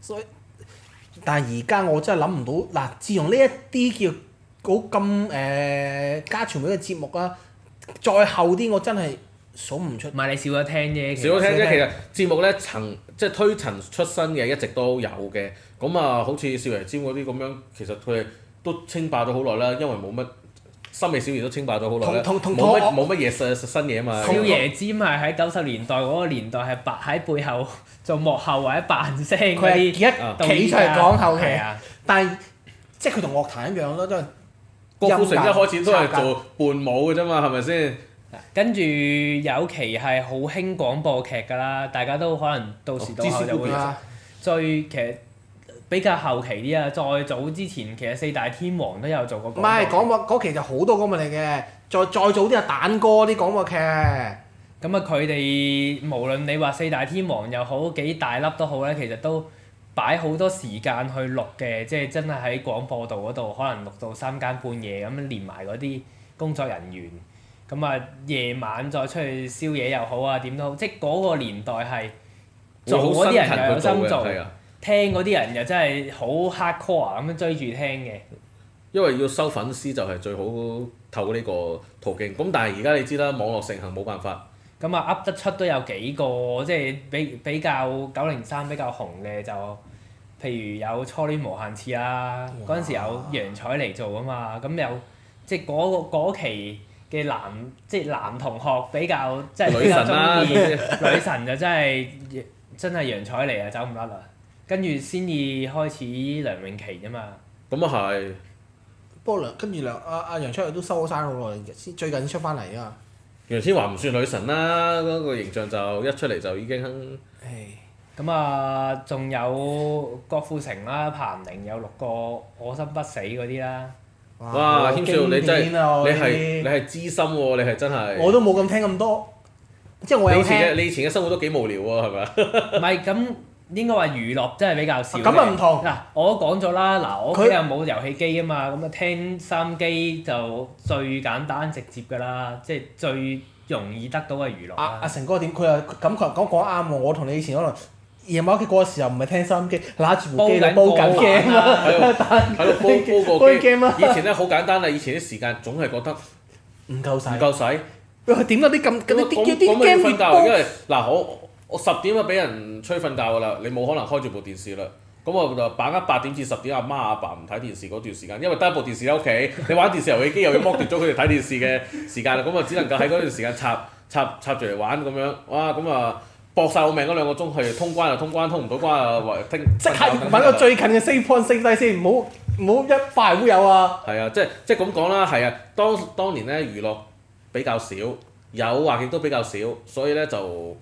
所以，但係而家我真係諗唔到嗱、啊，自從呢一啲叫好咁誒家傳尾嘅節目啊，再後啲我真係數唔出。唔咪你少咗聽啫。少咗聽啫，其實節目咧層即係推陳出新嘅一直都有嘅，咁啊好似少爺占嗰啲咁樣，其實佢哋都稱霸咗好耐啦，因為冇乜。心理小儀都清白咗好耐啦，冇乜冇乜嘢新嘢啊嘛！少爺占係喺九十年代嗰個年代係白喺背後做幕後或者扮聲嗰啲，一企就係廣後期。但,、啊、但即係佢同樂壇一樣咯，都係郭富城一開始都係做伴舞嘅啫嘛，係咪先？跟住有期係好興廣播劇㗎啦，大家都可能到時到候、哦、就會追劇。啊比較後期啲啊！再早之前，其實四大天王都有做過。唔係廣播嗰期就好多歌目嚟嘅，再再早啲係蛋哥啲廣播劇。咁啊，佢哋無論你話四大天王又好，幾大粒都好咧，其實都擺好多時間去錄嘅，即係真係喺廣播道嗰度，可能錄到三更半夜咁，連埋嗰啲工作人員。咁啊，夜晚再出去宵夜又好啊，點都好，即係嗰個年代係。做好嗰啲人又有心做好心勤佢做聽嗰啲人又真係好 hardcore 咁樣追住聽嘅，因為要收粉絲就係最好透過呢個途徑。咁但係而家你知啦，網絡盛行冇辦法。咁啊噏得出都有幾個，即係比比較九零三比較紅嘅就，譬如有初戀無限次啊，嗰陣哇時有楊采妮做啊嘛，咁有即係嗰個嗰期嘅男，即係男同學比較即係比較中意，女，神、啊、 女神就真係真係楊采妮啊，走唔甩啦～跟住先至開始梁詠琪啫嘛。咁啊係。不過梁跟住梁阿阿楊千嬅都收咗山好耐，先最近出翻嚟啊。楊千嬅唔算女神啦，嗰個形象就一出嚟就已經。唉，咁啊，仲有郭富城啦、彭羚有六個《我心不死》嗰啲啦。哇！軒少，你真係這些 你係你係知心喎，你係真係。我都冇咁聽咁多。即係我有聽你。你以前嘅生活都幾無聊喎，係咪啊？唔係咁。應該話娛樂真係比較少嘅。咁唔同。嗱，我講咗啦，嗱，我屋企又冇遊戲機啊嘛，咁啊聽收音機就最簡單直接㗎啦，即係最容易得到嘅娛樂。阿成哥點？佢又咁，佢又講講啱喎。我同你以前可能夜晚屋企嗰個時候唔係聽收音機，攬住部機嚟煲緊劇啊。係咯，煲煲個劇。以前咧好簡單啦，以前啲時間總係覺得唔夠曬，唔夠使。點解啲咁咁啲啲 game 煲？因為嗱我。我十點就俾人吹瞓覺㗎啦，你冇可能開住部電視啦。咁我就把握八點至十點，阿媽阿爸唔睇電視嗰段時間，因為得一部電視喺屋企，你玩電視遊戲機又要剝奪咗佢哋睇電視嘅時間啦。咁啊，只能夠喺嗰段時間插插插住嚟玩咁樣。哇！咁啊，搏晒我命嗰兩個鐘去通關就通關通唔到關啊，話即係揾個最近嘅 safe point save 低先，唔好唔好一敗烏有啊！係啊，即即係咁講啦，係啊。當當年呢，娛樂比較少，有話題亦都比較少，所以呢就～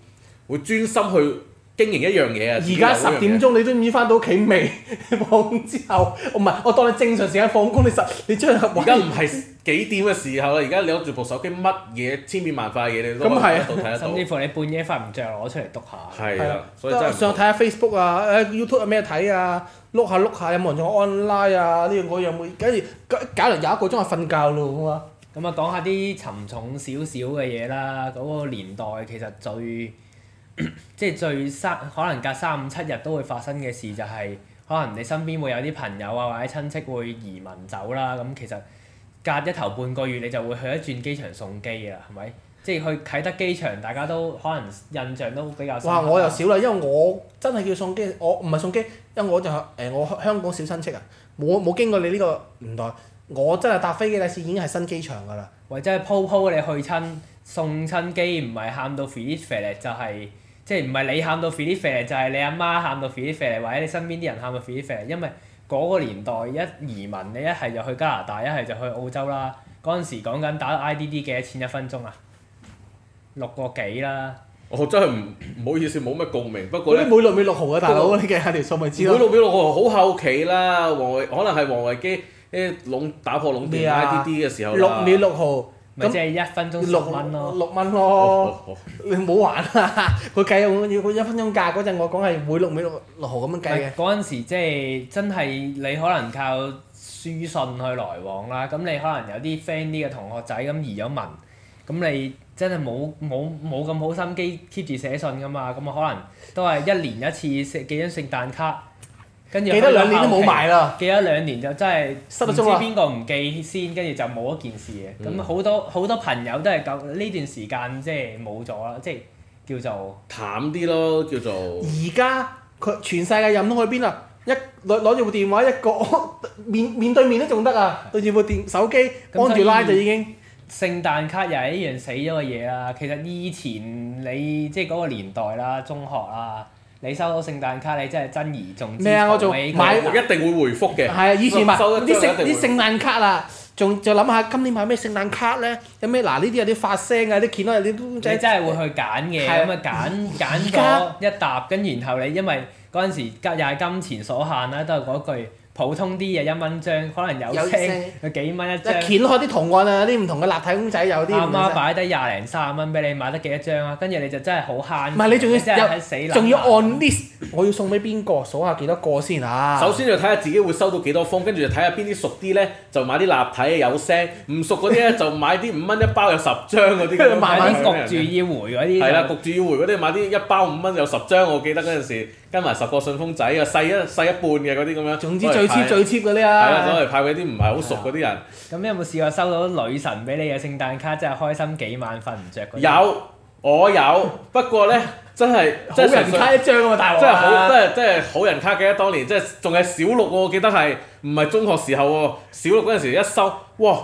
會專心去經營一樣嘢啊！而家現在 十點鐘你都唔知返到屋企未？ 放工之後，唔係我當你正常時間放工，你實你將。而家唔係幾點嘅時候啦？而家你攞住部手機，乜嘢千變萬化嘅嘢你都都睇得到。 得到甚至乎你半夜瞓唔著攞出嚟篤下。係啊，上去睇下 Facebook 啊，誒、啊、YouTube 有咩睇啊？碌下碌下，有冇人做 Online 啊？呢樣嗰樣冇，跟住一搞嚟有一個鐘就瞓覺咯咁啊！咁啊，講下啲沉重少少嘅嘢啦，嗰、那個年代其實最。即係最三可能隔三五七日都會發生嘅事就係、是，可能你身邊會有啲朋友啊或者親戚會移民走啦，咁其實隔一頭半個月你就會去一轉機場送機啊，係咪？即係去啟德機場，大家都可能印象都比較深刻。哇！我又少啦，因為我真係叫送機，我唔係送機，因為我就誒、是呃、我香港少親戚啊，冇冇經過你呢、這個年代，我真係搭飛機嗰陣時已經係新機場噶啦。或者係鋪鋪你去親送親機，唔係喊到肥肥力就係、是。即係唔係你喊到 fit 啲 fit 就係、係、你阿媽喊到 fit 啲 fit 或者你身邊啲人喊到 fit 啲 fit 因為嗰個年代一移民，你一係就去加拿大，一係就去澳洲啦。嗰陣時講緊打 IDD 幾多錢一分鐘啊？六個幾啦？我真係唔唔好意思，冇乜共鳴。不過你每六秒六毫啊，大佬！你計下條數咪知。每六秒六毫，好後期啦。黃維，可能係黃維基啲壟打破壟斷 IDD 嘅時候。六秒六毫。嗯6佢那即係一分鐘六蚊咯，六蚊咯，哦、你唔好玩啦、啊！佢 計我佢一分鐘價嗰陣，我講係每六秒六,六毫咁樣計。嗰陣時即係真係你可能靠書信去來往啦。咁你可能有啲 friend 啲嘅同學仔咁移咗民，咁你真係冇冇冇咁好心機 keep 住寫信噶嘛？咁啊可能都係一年一次寫幾張聖誕卡。記得兩年都冇買啦，記咗兩年就真係失咗蹤，唔知邊個唔記先，跟住就冇一件事嘅。咁好、嗯、多好多朋友都係咁，呢段時間即係冇咗啦，即係叫做淡啲咯，嗯、叫做而家佢全世界任通去邊啊？一攞攞住部電話一個 面面對面都仲得啊，對住部電手機，幫住拉就已經。聖誕卡又係一樣死咗嘅嘢啦。其實以前你即係嗰個年代啦，中學啊。你收到聖誕卡，你真係珍而重之，咩啊、我仲未買一定會回覆嘅。係啊，以前買啲聖啲聖誕卡啦，仲再諗下今年買咩聖誕卡咧？有咩嗱？呢啲有啲發聲啊，啲鉛都有啲。你真係會去揀嘅，係咁啊揀揀咗一沓，跟住然後你因為嗰陣時又係金錢所限啦，都係嗰句。普通啲嘢一蚊張，可能有聲，有聲幾蚊一張。揭一掀開啲圖案啊，啲唔同嘅立體公仔有啲。阿媽，媽擺低廿零三十蚊俾你，買得幾多張啊？跟住你就真係好慳。唔係你仲要你死，仲要按 list，我要送俾邊個？數下幾多個先啊！首先就睇下自己會收到幾多封，跟住就睇下邊啲熟啲咧，就買啲立體有聲；唔熟嗰啲咧，就買啲五蚊一包有十張嗰啲。跟住 些慢慢焗住要回嗰啲。係啦，焗住要回嗰啲買啲一,一包五蚊有十張，我記得嗰陣時。跟埋十個信封仔啊，細一細一半嘅嗰啲咁樣。總之最 cheap 最 cheap 嗰啲啊。係啦，攞嚟派俾啲唔係好熟嗰啲人。咁你有冇試過收到女神俾你嘅聖誕卡，真係開心幾晚瞓唔著？有，我有。 不過呢，真係 好人卡一張啊，大佬。啊！真係真係真係好人卡嘅，當年即係仲係小六，我記得係唔係中學時候喎？小六嗰陣時一收，哇！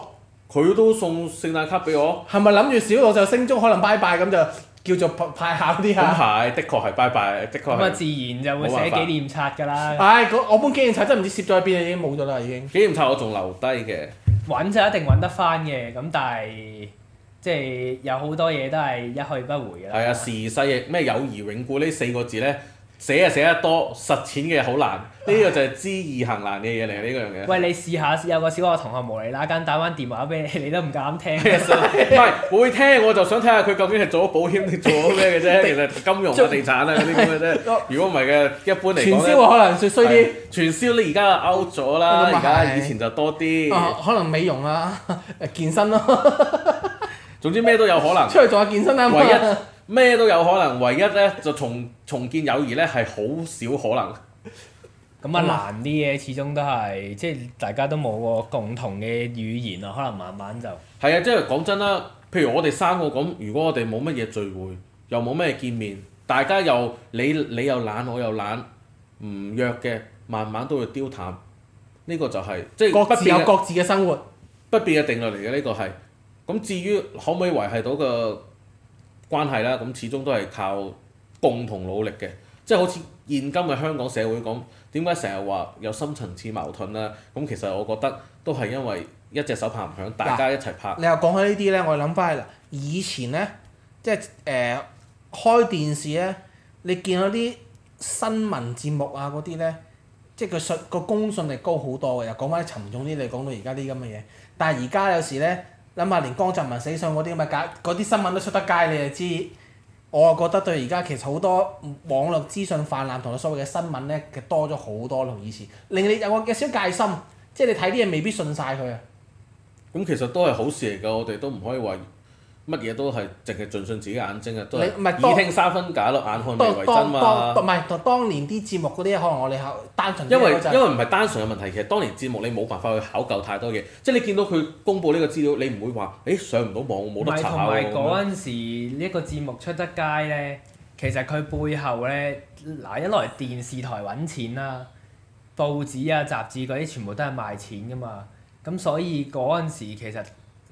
佢都送聖誕卡俾我。係咪諗住小六就升中可能拜拜咁就？ 叫做派派啲客，咁係、嗯、的，的確係拜拜，的確係。咁啊，自然就會寫紀念冊㗎啦。唉、哎，我本紀念冊真係唔知攝咗喺邊啊，已經冇咗啦，已經。紀念冊我仲留低嘅。揾就一定揾得翻嘅，咁但係即係有好多嘢都係一去不回啦。係啊，時勢，咩友誼永固呢四個字咧。寫啊寫得多，實踐嘅好難。呢個就係知易行難嘅嘢嚟啊！呢個樣嘢。喂，你試下有個小學同學無釐啦更打返電話俾你，你都唔敢聽。唔係會聽，我就想睇下佢究竟係做咗保險定做咗咩嘅啫。其實金融啊、地產啊嗰啲咁嘅啫。如果唔係嘅，一般嚟講。傳銷可能算衰啲。傳銷你而家 out 咗啦，而家以前就多啲。可能美容啊，健身咯。總之咩都有可能。出去做下健身啦，唯一。咩都有可能，唯一呢就重重建友誼呢係好少可能。咁啊難啲嘅，嗯、始終都係即係大家都冇個共同嘅語言啊，可能慢慢就。係啊，即係講真啦，譬如我哋三個咁，如果我哋冇乜嘢聚會，又冇乜嘢見面，大家又你你又懶，我又懶，唔約嘅，慢慢都會丟淡。呢、呢個就係即係。就是、各自有各自嘅生活。不變嘅定律嚟嘅呢個係，咁至於可唔可以維係到個？關係啦，咁始終都係靠共同努力嘅，即係好似現今嘅香港社會咁，點解成日話有深層次矛盾咧？咁其實我覺得都係因為一隻手拍唔響，大家一齊拍。你又講起呢啲咧，我諗翻起喇，以前咧，即係誒、呃、開電視咧，你見到啲新聞節目啊嗰啲咧，即係佢信個公信力高好多嘅。又講翻沉重啲，你講到而家啲咁嘅嘢，但係而家有時咧。諗下，連江澤民死訊嗰啲咁嘅假嗰啲新聞都出得街，你就知。我啊覺得對而家其實好多網絡資訊氾濫同埋所謂嘅新聞呢，其實多咗好多同以前，令你有個有少戒心，即係你睇啲嘢未必信晒佢啊。咁其實都係好事嚟㗎，我哋都唔可以話。乜嘢都係，淨係盡信自己眼睛啊！都係耳聽三分假咯，眼看為真嘛。當唔係當年啲節目嗰啲，可能我哋考單純。因為因為唔係單純嘅問題，其實當年節目你冇辦法去考究太多嘢，即係你見到佢公布呢個資料，你唔會話，誒上唔到網冇得查喎。同埋嗰陣時，呢一個節目出得街咧，其實佢背後咧，嗱一來電視台揾錢啦，報紙啊雜誌嗰啲全部都係賣錢㗎嘛，咁所以嗰陣時其實。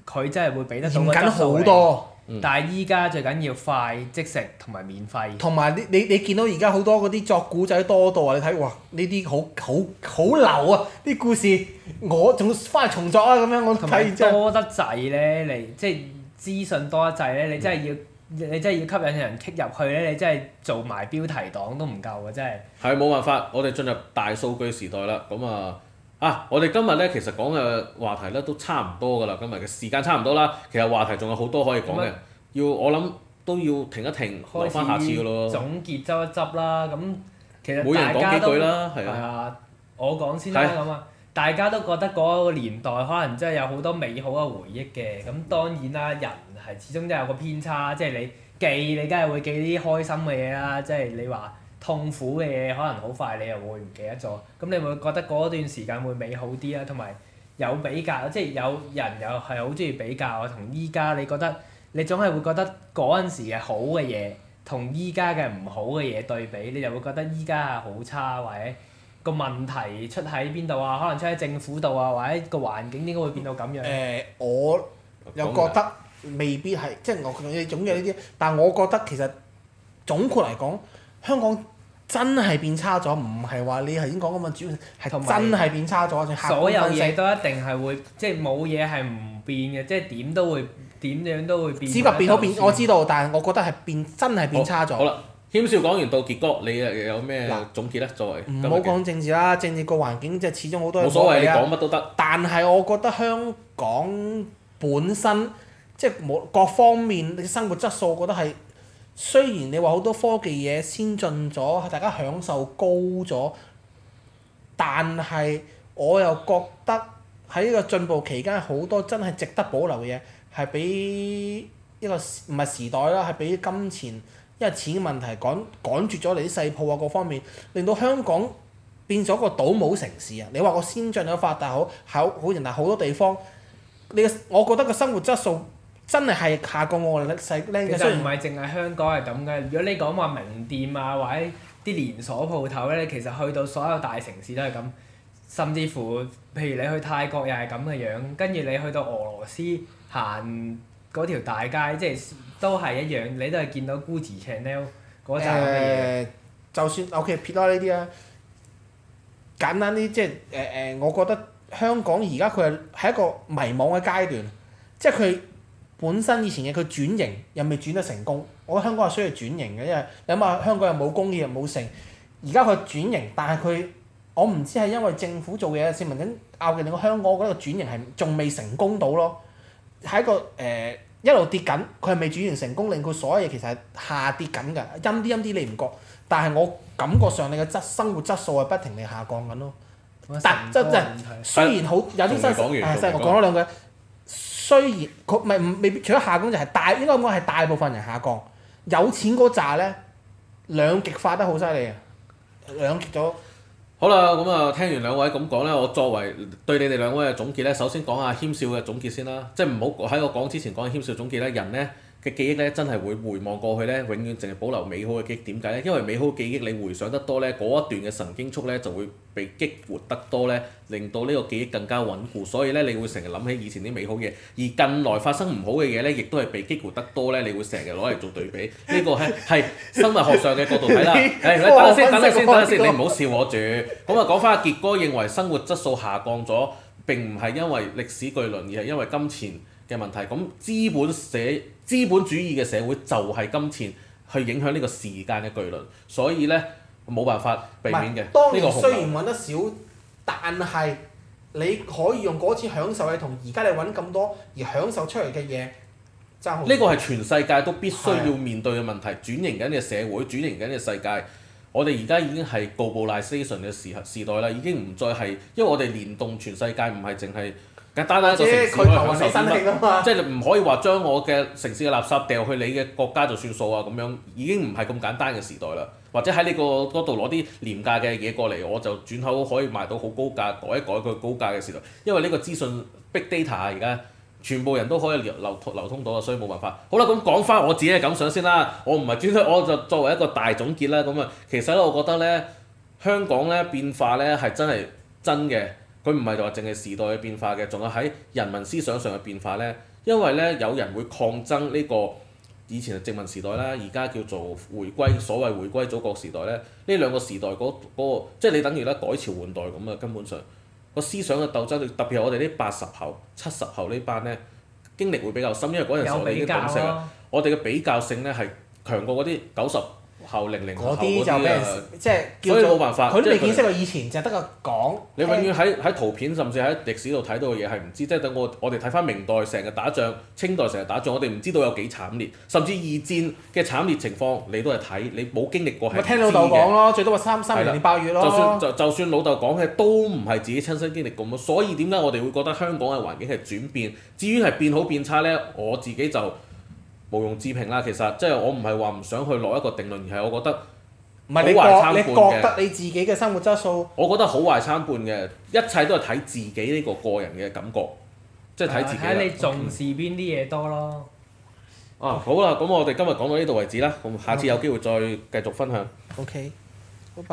佢真係會俾得到嗰好多。嗯、但係依家最緊要快即食同埋免費。同埋你你你見到而家好多嗰啲作古仔多到啊！你睇哇，呢啲好好好流啊！啲故事我仲翻嚟重作啊！咁樣我都睇。多得滯咧，你即資訊多得滯咧，你真係要、嗯、你真係要吸引人 click 入去咧，你真係做埋標題黨都唔夠啊。真係。係冇辦法，我哋進入大數據時代啦。咁啊。啊！我哋今日咧，其實講嘅話題咧都差唔多㗎啦，今日嘅時間差唔多啦。其實話題仲有好多可以講嘅，是要我諗都要停一停，攞翻下次㗎咯。開始總結執一執啦。咁其實每人講幾句啦，係啊的，我講先啦咁啊。的大家都覺得嗰個年代可能真係有好多美好嘅回憶嘅。咁當然啦，人係始終都有個偏差，即係你記，你梗係會記啲開心嘅嘢啦。即係你話。痛苦嘅嘢可能好快你又會唔記得咗，咁你會覺得嗰段時間會美好啲啊，同埋有，有比較，即係有人又係好中意比較，啊。同依家你覺得，你總係會覺得嗰陣時嘅好嘅嘢，同依家嘅唔好嘅嘢對比，你就會覺得依家係好差，或者個問題出喺邊度啊？可能出喺政府度啊，或者個環境應該會變到咁樣。誒、呃，我又覺得未必係，即係我你總有呢啲，但係我覺得其實總括嚟講，香港。真係變差咗，唔係話你頭先講咁啊！主要係同真係變差咗，有所有嘢都一定係會，即係冇嘢係唔變嘅，即係點都會，點樣都會變。只不過變好變，我知道，但係我覺得係變真係變差咗。好啦，謙少講完到傑哥，你又有咩總結啊？作為唔好講政治啦，政治個環境即係始終好多嘢。冇所謂，你講乜都得。但係我覺得香港本身即係冇各方面，你生活質素我覺得係。雖然你話好多科技嘢先進咗，大家享受高咗，但係我又覺得喺呢個進步期間，好多真係值得保留嘅嘢，係俾一個唔係時代啦，係俾金錢，因為錢嘅問題趕趕絕咗你啲細鋪啊各方面，令到香港變咗個倒模城市啊！你話個先進啊發達好，好好人，但好多地方，你我覺得個生活質素。真係係下過我哋歷史嘅。雖然 其實唔係淨係香港係咁嘅，如果你講話名店啊，或者啲連鎖鋪頭咧，其實去到所有大城市都係咁。甚至乎，譬如你去泰國又係咁嘅樣，跟住你去到俄羅斯行嗰條大街，即係都係一樣，你都係見到 Gucci、Chanel 嗰紮乜嘢。就算我其實撇開呢啲啦。簡單啲即係誒誒，我覺得香港而家佢係係一個迷惘嘅階段，即係佢。本身以前嘅佢轉型又未轉得成功，我覺得香港係需要轉型嘅，因為你諗下香港又冇工業又冇成，而家佢轉型，但係佢我唔知係因為政府做嘢，市民緊，拗嘅令我香港嗰個轉型係仲未成功到咯，係一個誒、呃、一路跌緊，佢係未轉型成功，令佢所有嘢其實係下跌緊㗎，陰啲陰啲你唔覺，但係我感覺上你嘅質生活質素係不停地下降緊咯，嗯、但真真係雖然好有啲新誒，我講多兩句。雖然佢咪唔未必，除咗下降就係大，應該講係大部分人下降。有錢嗰紮咧，兩極化得好犀利啊！兩極咗。好啦，咁、嗯、啊，聽完兩位咁講咧，我作為對你哋兩位嘅總結咧，首先講下謙少嘅總結先啦，即係唔好喺我講之前講緊謙少總結咧，人咧，嘅記憶咧，真係會回望過去咧，永遠淨係保留美好嘅記憶。點解咧？因為美好嘅記憶你回想得多咧，嗰一段嘅神經束咧就會被激活得多咧，令到呢個記憶更加穩固。所以咧，你會成日諗起以前啲美好嘢。而近來發生唔好嘅嘢咧，亦都係被激活得多咧，你會成日攞嚟做對比。呢 個係係生物學上嘅角度睇啦。誒， 等下先，等下先，等下先，你唔好笑我住。咁啊，講翻阿傑哥認為生活質素下降咗，並唔係因為歷史巨輪，而係因為金錢嘅問題。咁資本社資本主義嘅社會就係金錢去影響呢個時間嘅巨輪，所以呢，冇辦法避免嘅。當你雖然揾得少，但係你可以用嗰次享受去同而家你揾咁多而享受出嚟嘅嘢爭。呢個係全世界都必須要面對嘅問題，的轉型緊嘅社會，轉型緊嘅世界。我哋而家已經係 globalization 嘅時時代啦，已經唔再係因為我哋連動全世界，唔係淨係。簡單一個城市可以受嘛，你即係唔可以話將我嘅城市嘅垃圾掉去你嘅國家就算數啊！咁樣已經唔係咁簡單嘅時代啦。或者喺你個嗰度攞啲廉價嘅嘢過嚟，我就轉口可以賣到好高價，改一改佢高價嘅時代。因為呢個資訊 Big Data 而家全部人都可以流流通到啊，所以冇辦法。好啦，咁講返我自己嘅感想先啦。我唔係轉推，我就作為一個大總結啦。咁啊，其實咧，我覺得咧，香港咧變化咧係真係真嘅。佢唔係就話淨係時代嘅變化嘅，仲有喺人民思想上嘅變化咧。因為咧，有人會抗爭呢、呢個以前殖民時代啦，而家叫做回歸所謂回歸祖國時代咧。呢兩個時代嗰、嗰、嗰個，即、那、係、個就是、你等於咧改朝換代咁啊。根本上、那個思想嘅鬥爭，特別係我哋呢八十後、七十後班呢班咧，經歷會比較深，因為嗰陣時候我哋已經懂事啦。啊、我哋嘅比較性咧係強過嗰啲九十後零零後嗰啲，就俾人即係所以冇辦法，佢都未見識啊！以前就係得個講。你永遠喺喺圖片，甚至喺歷史度睇到嘅嘢係唔知，即係等我我哋睇翻明代成日打仗，清代成日打仗，我哋唔知道有幾慘烈，甚至二戰嘅慘烈情況你都係睇，你冇經歷過係唔知嘅。咪聽老豆講咯，最多話三三年八月咯。就算就就算老豆講嘅都唔係自己親身經歷過，所以點解我哋會覺得香港嘅環境係轉變？至於係變好變差咧，我自己就～毋庸置評啦，其實即係我唔係話唔想去落一個定論，而係我覺得唔係好壞參半嘅。你覺得你自己嘅生活質素？我覺得好壞參半嘅，一切都係睇自己呢個個人嘅感覺，即係睇自己。睇、啊、你重視邊啲嘢多咯。Okay. 啊，好啦，咁我哋今日講到呢度為止啦，我下次有機會再繼續分享。OK。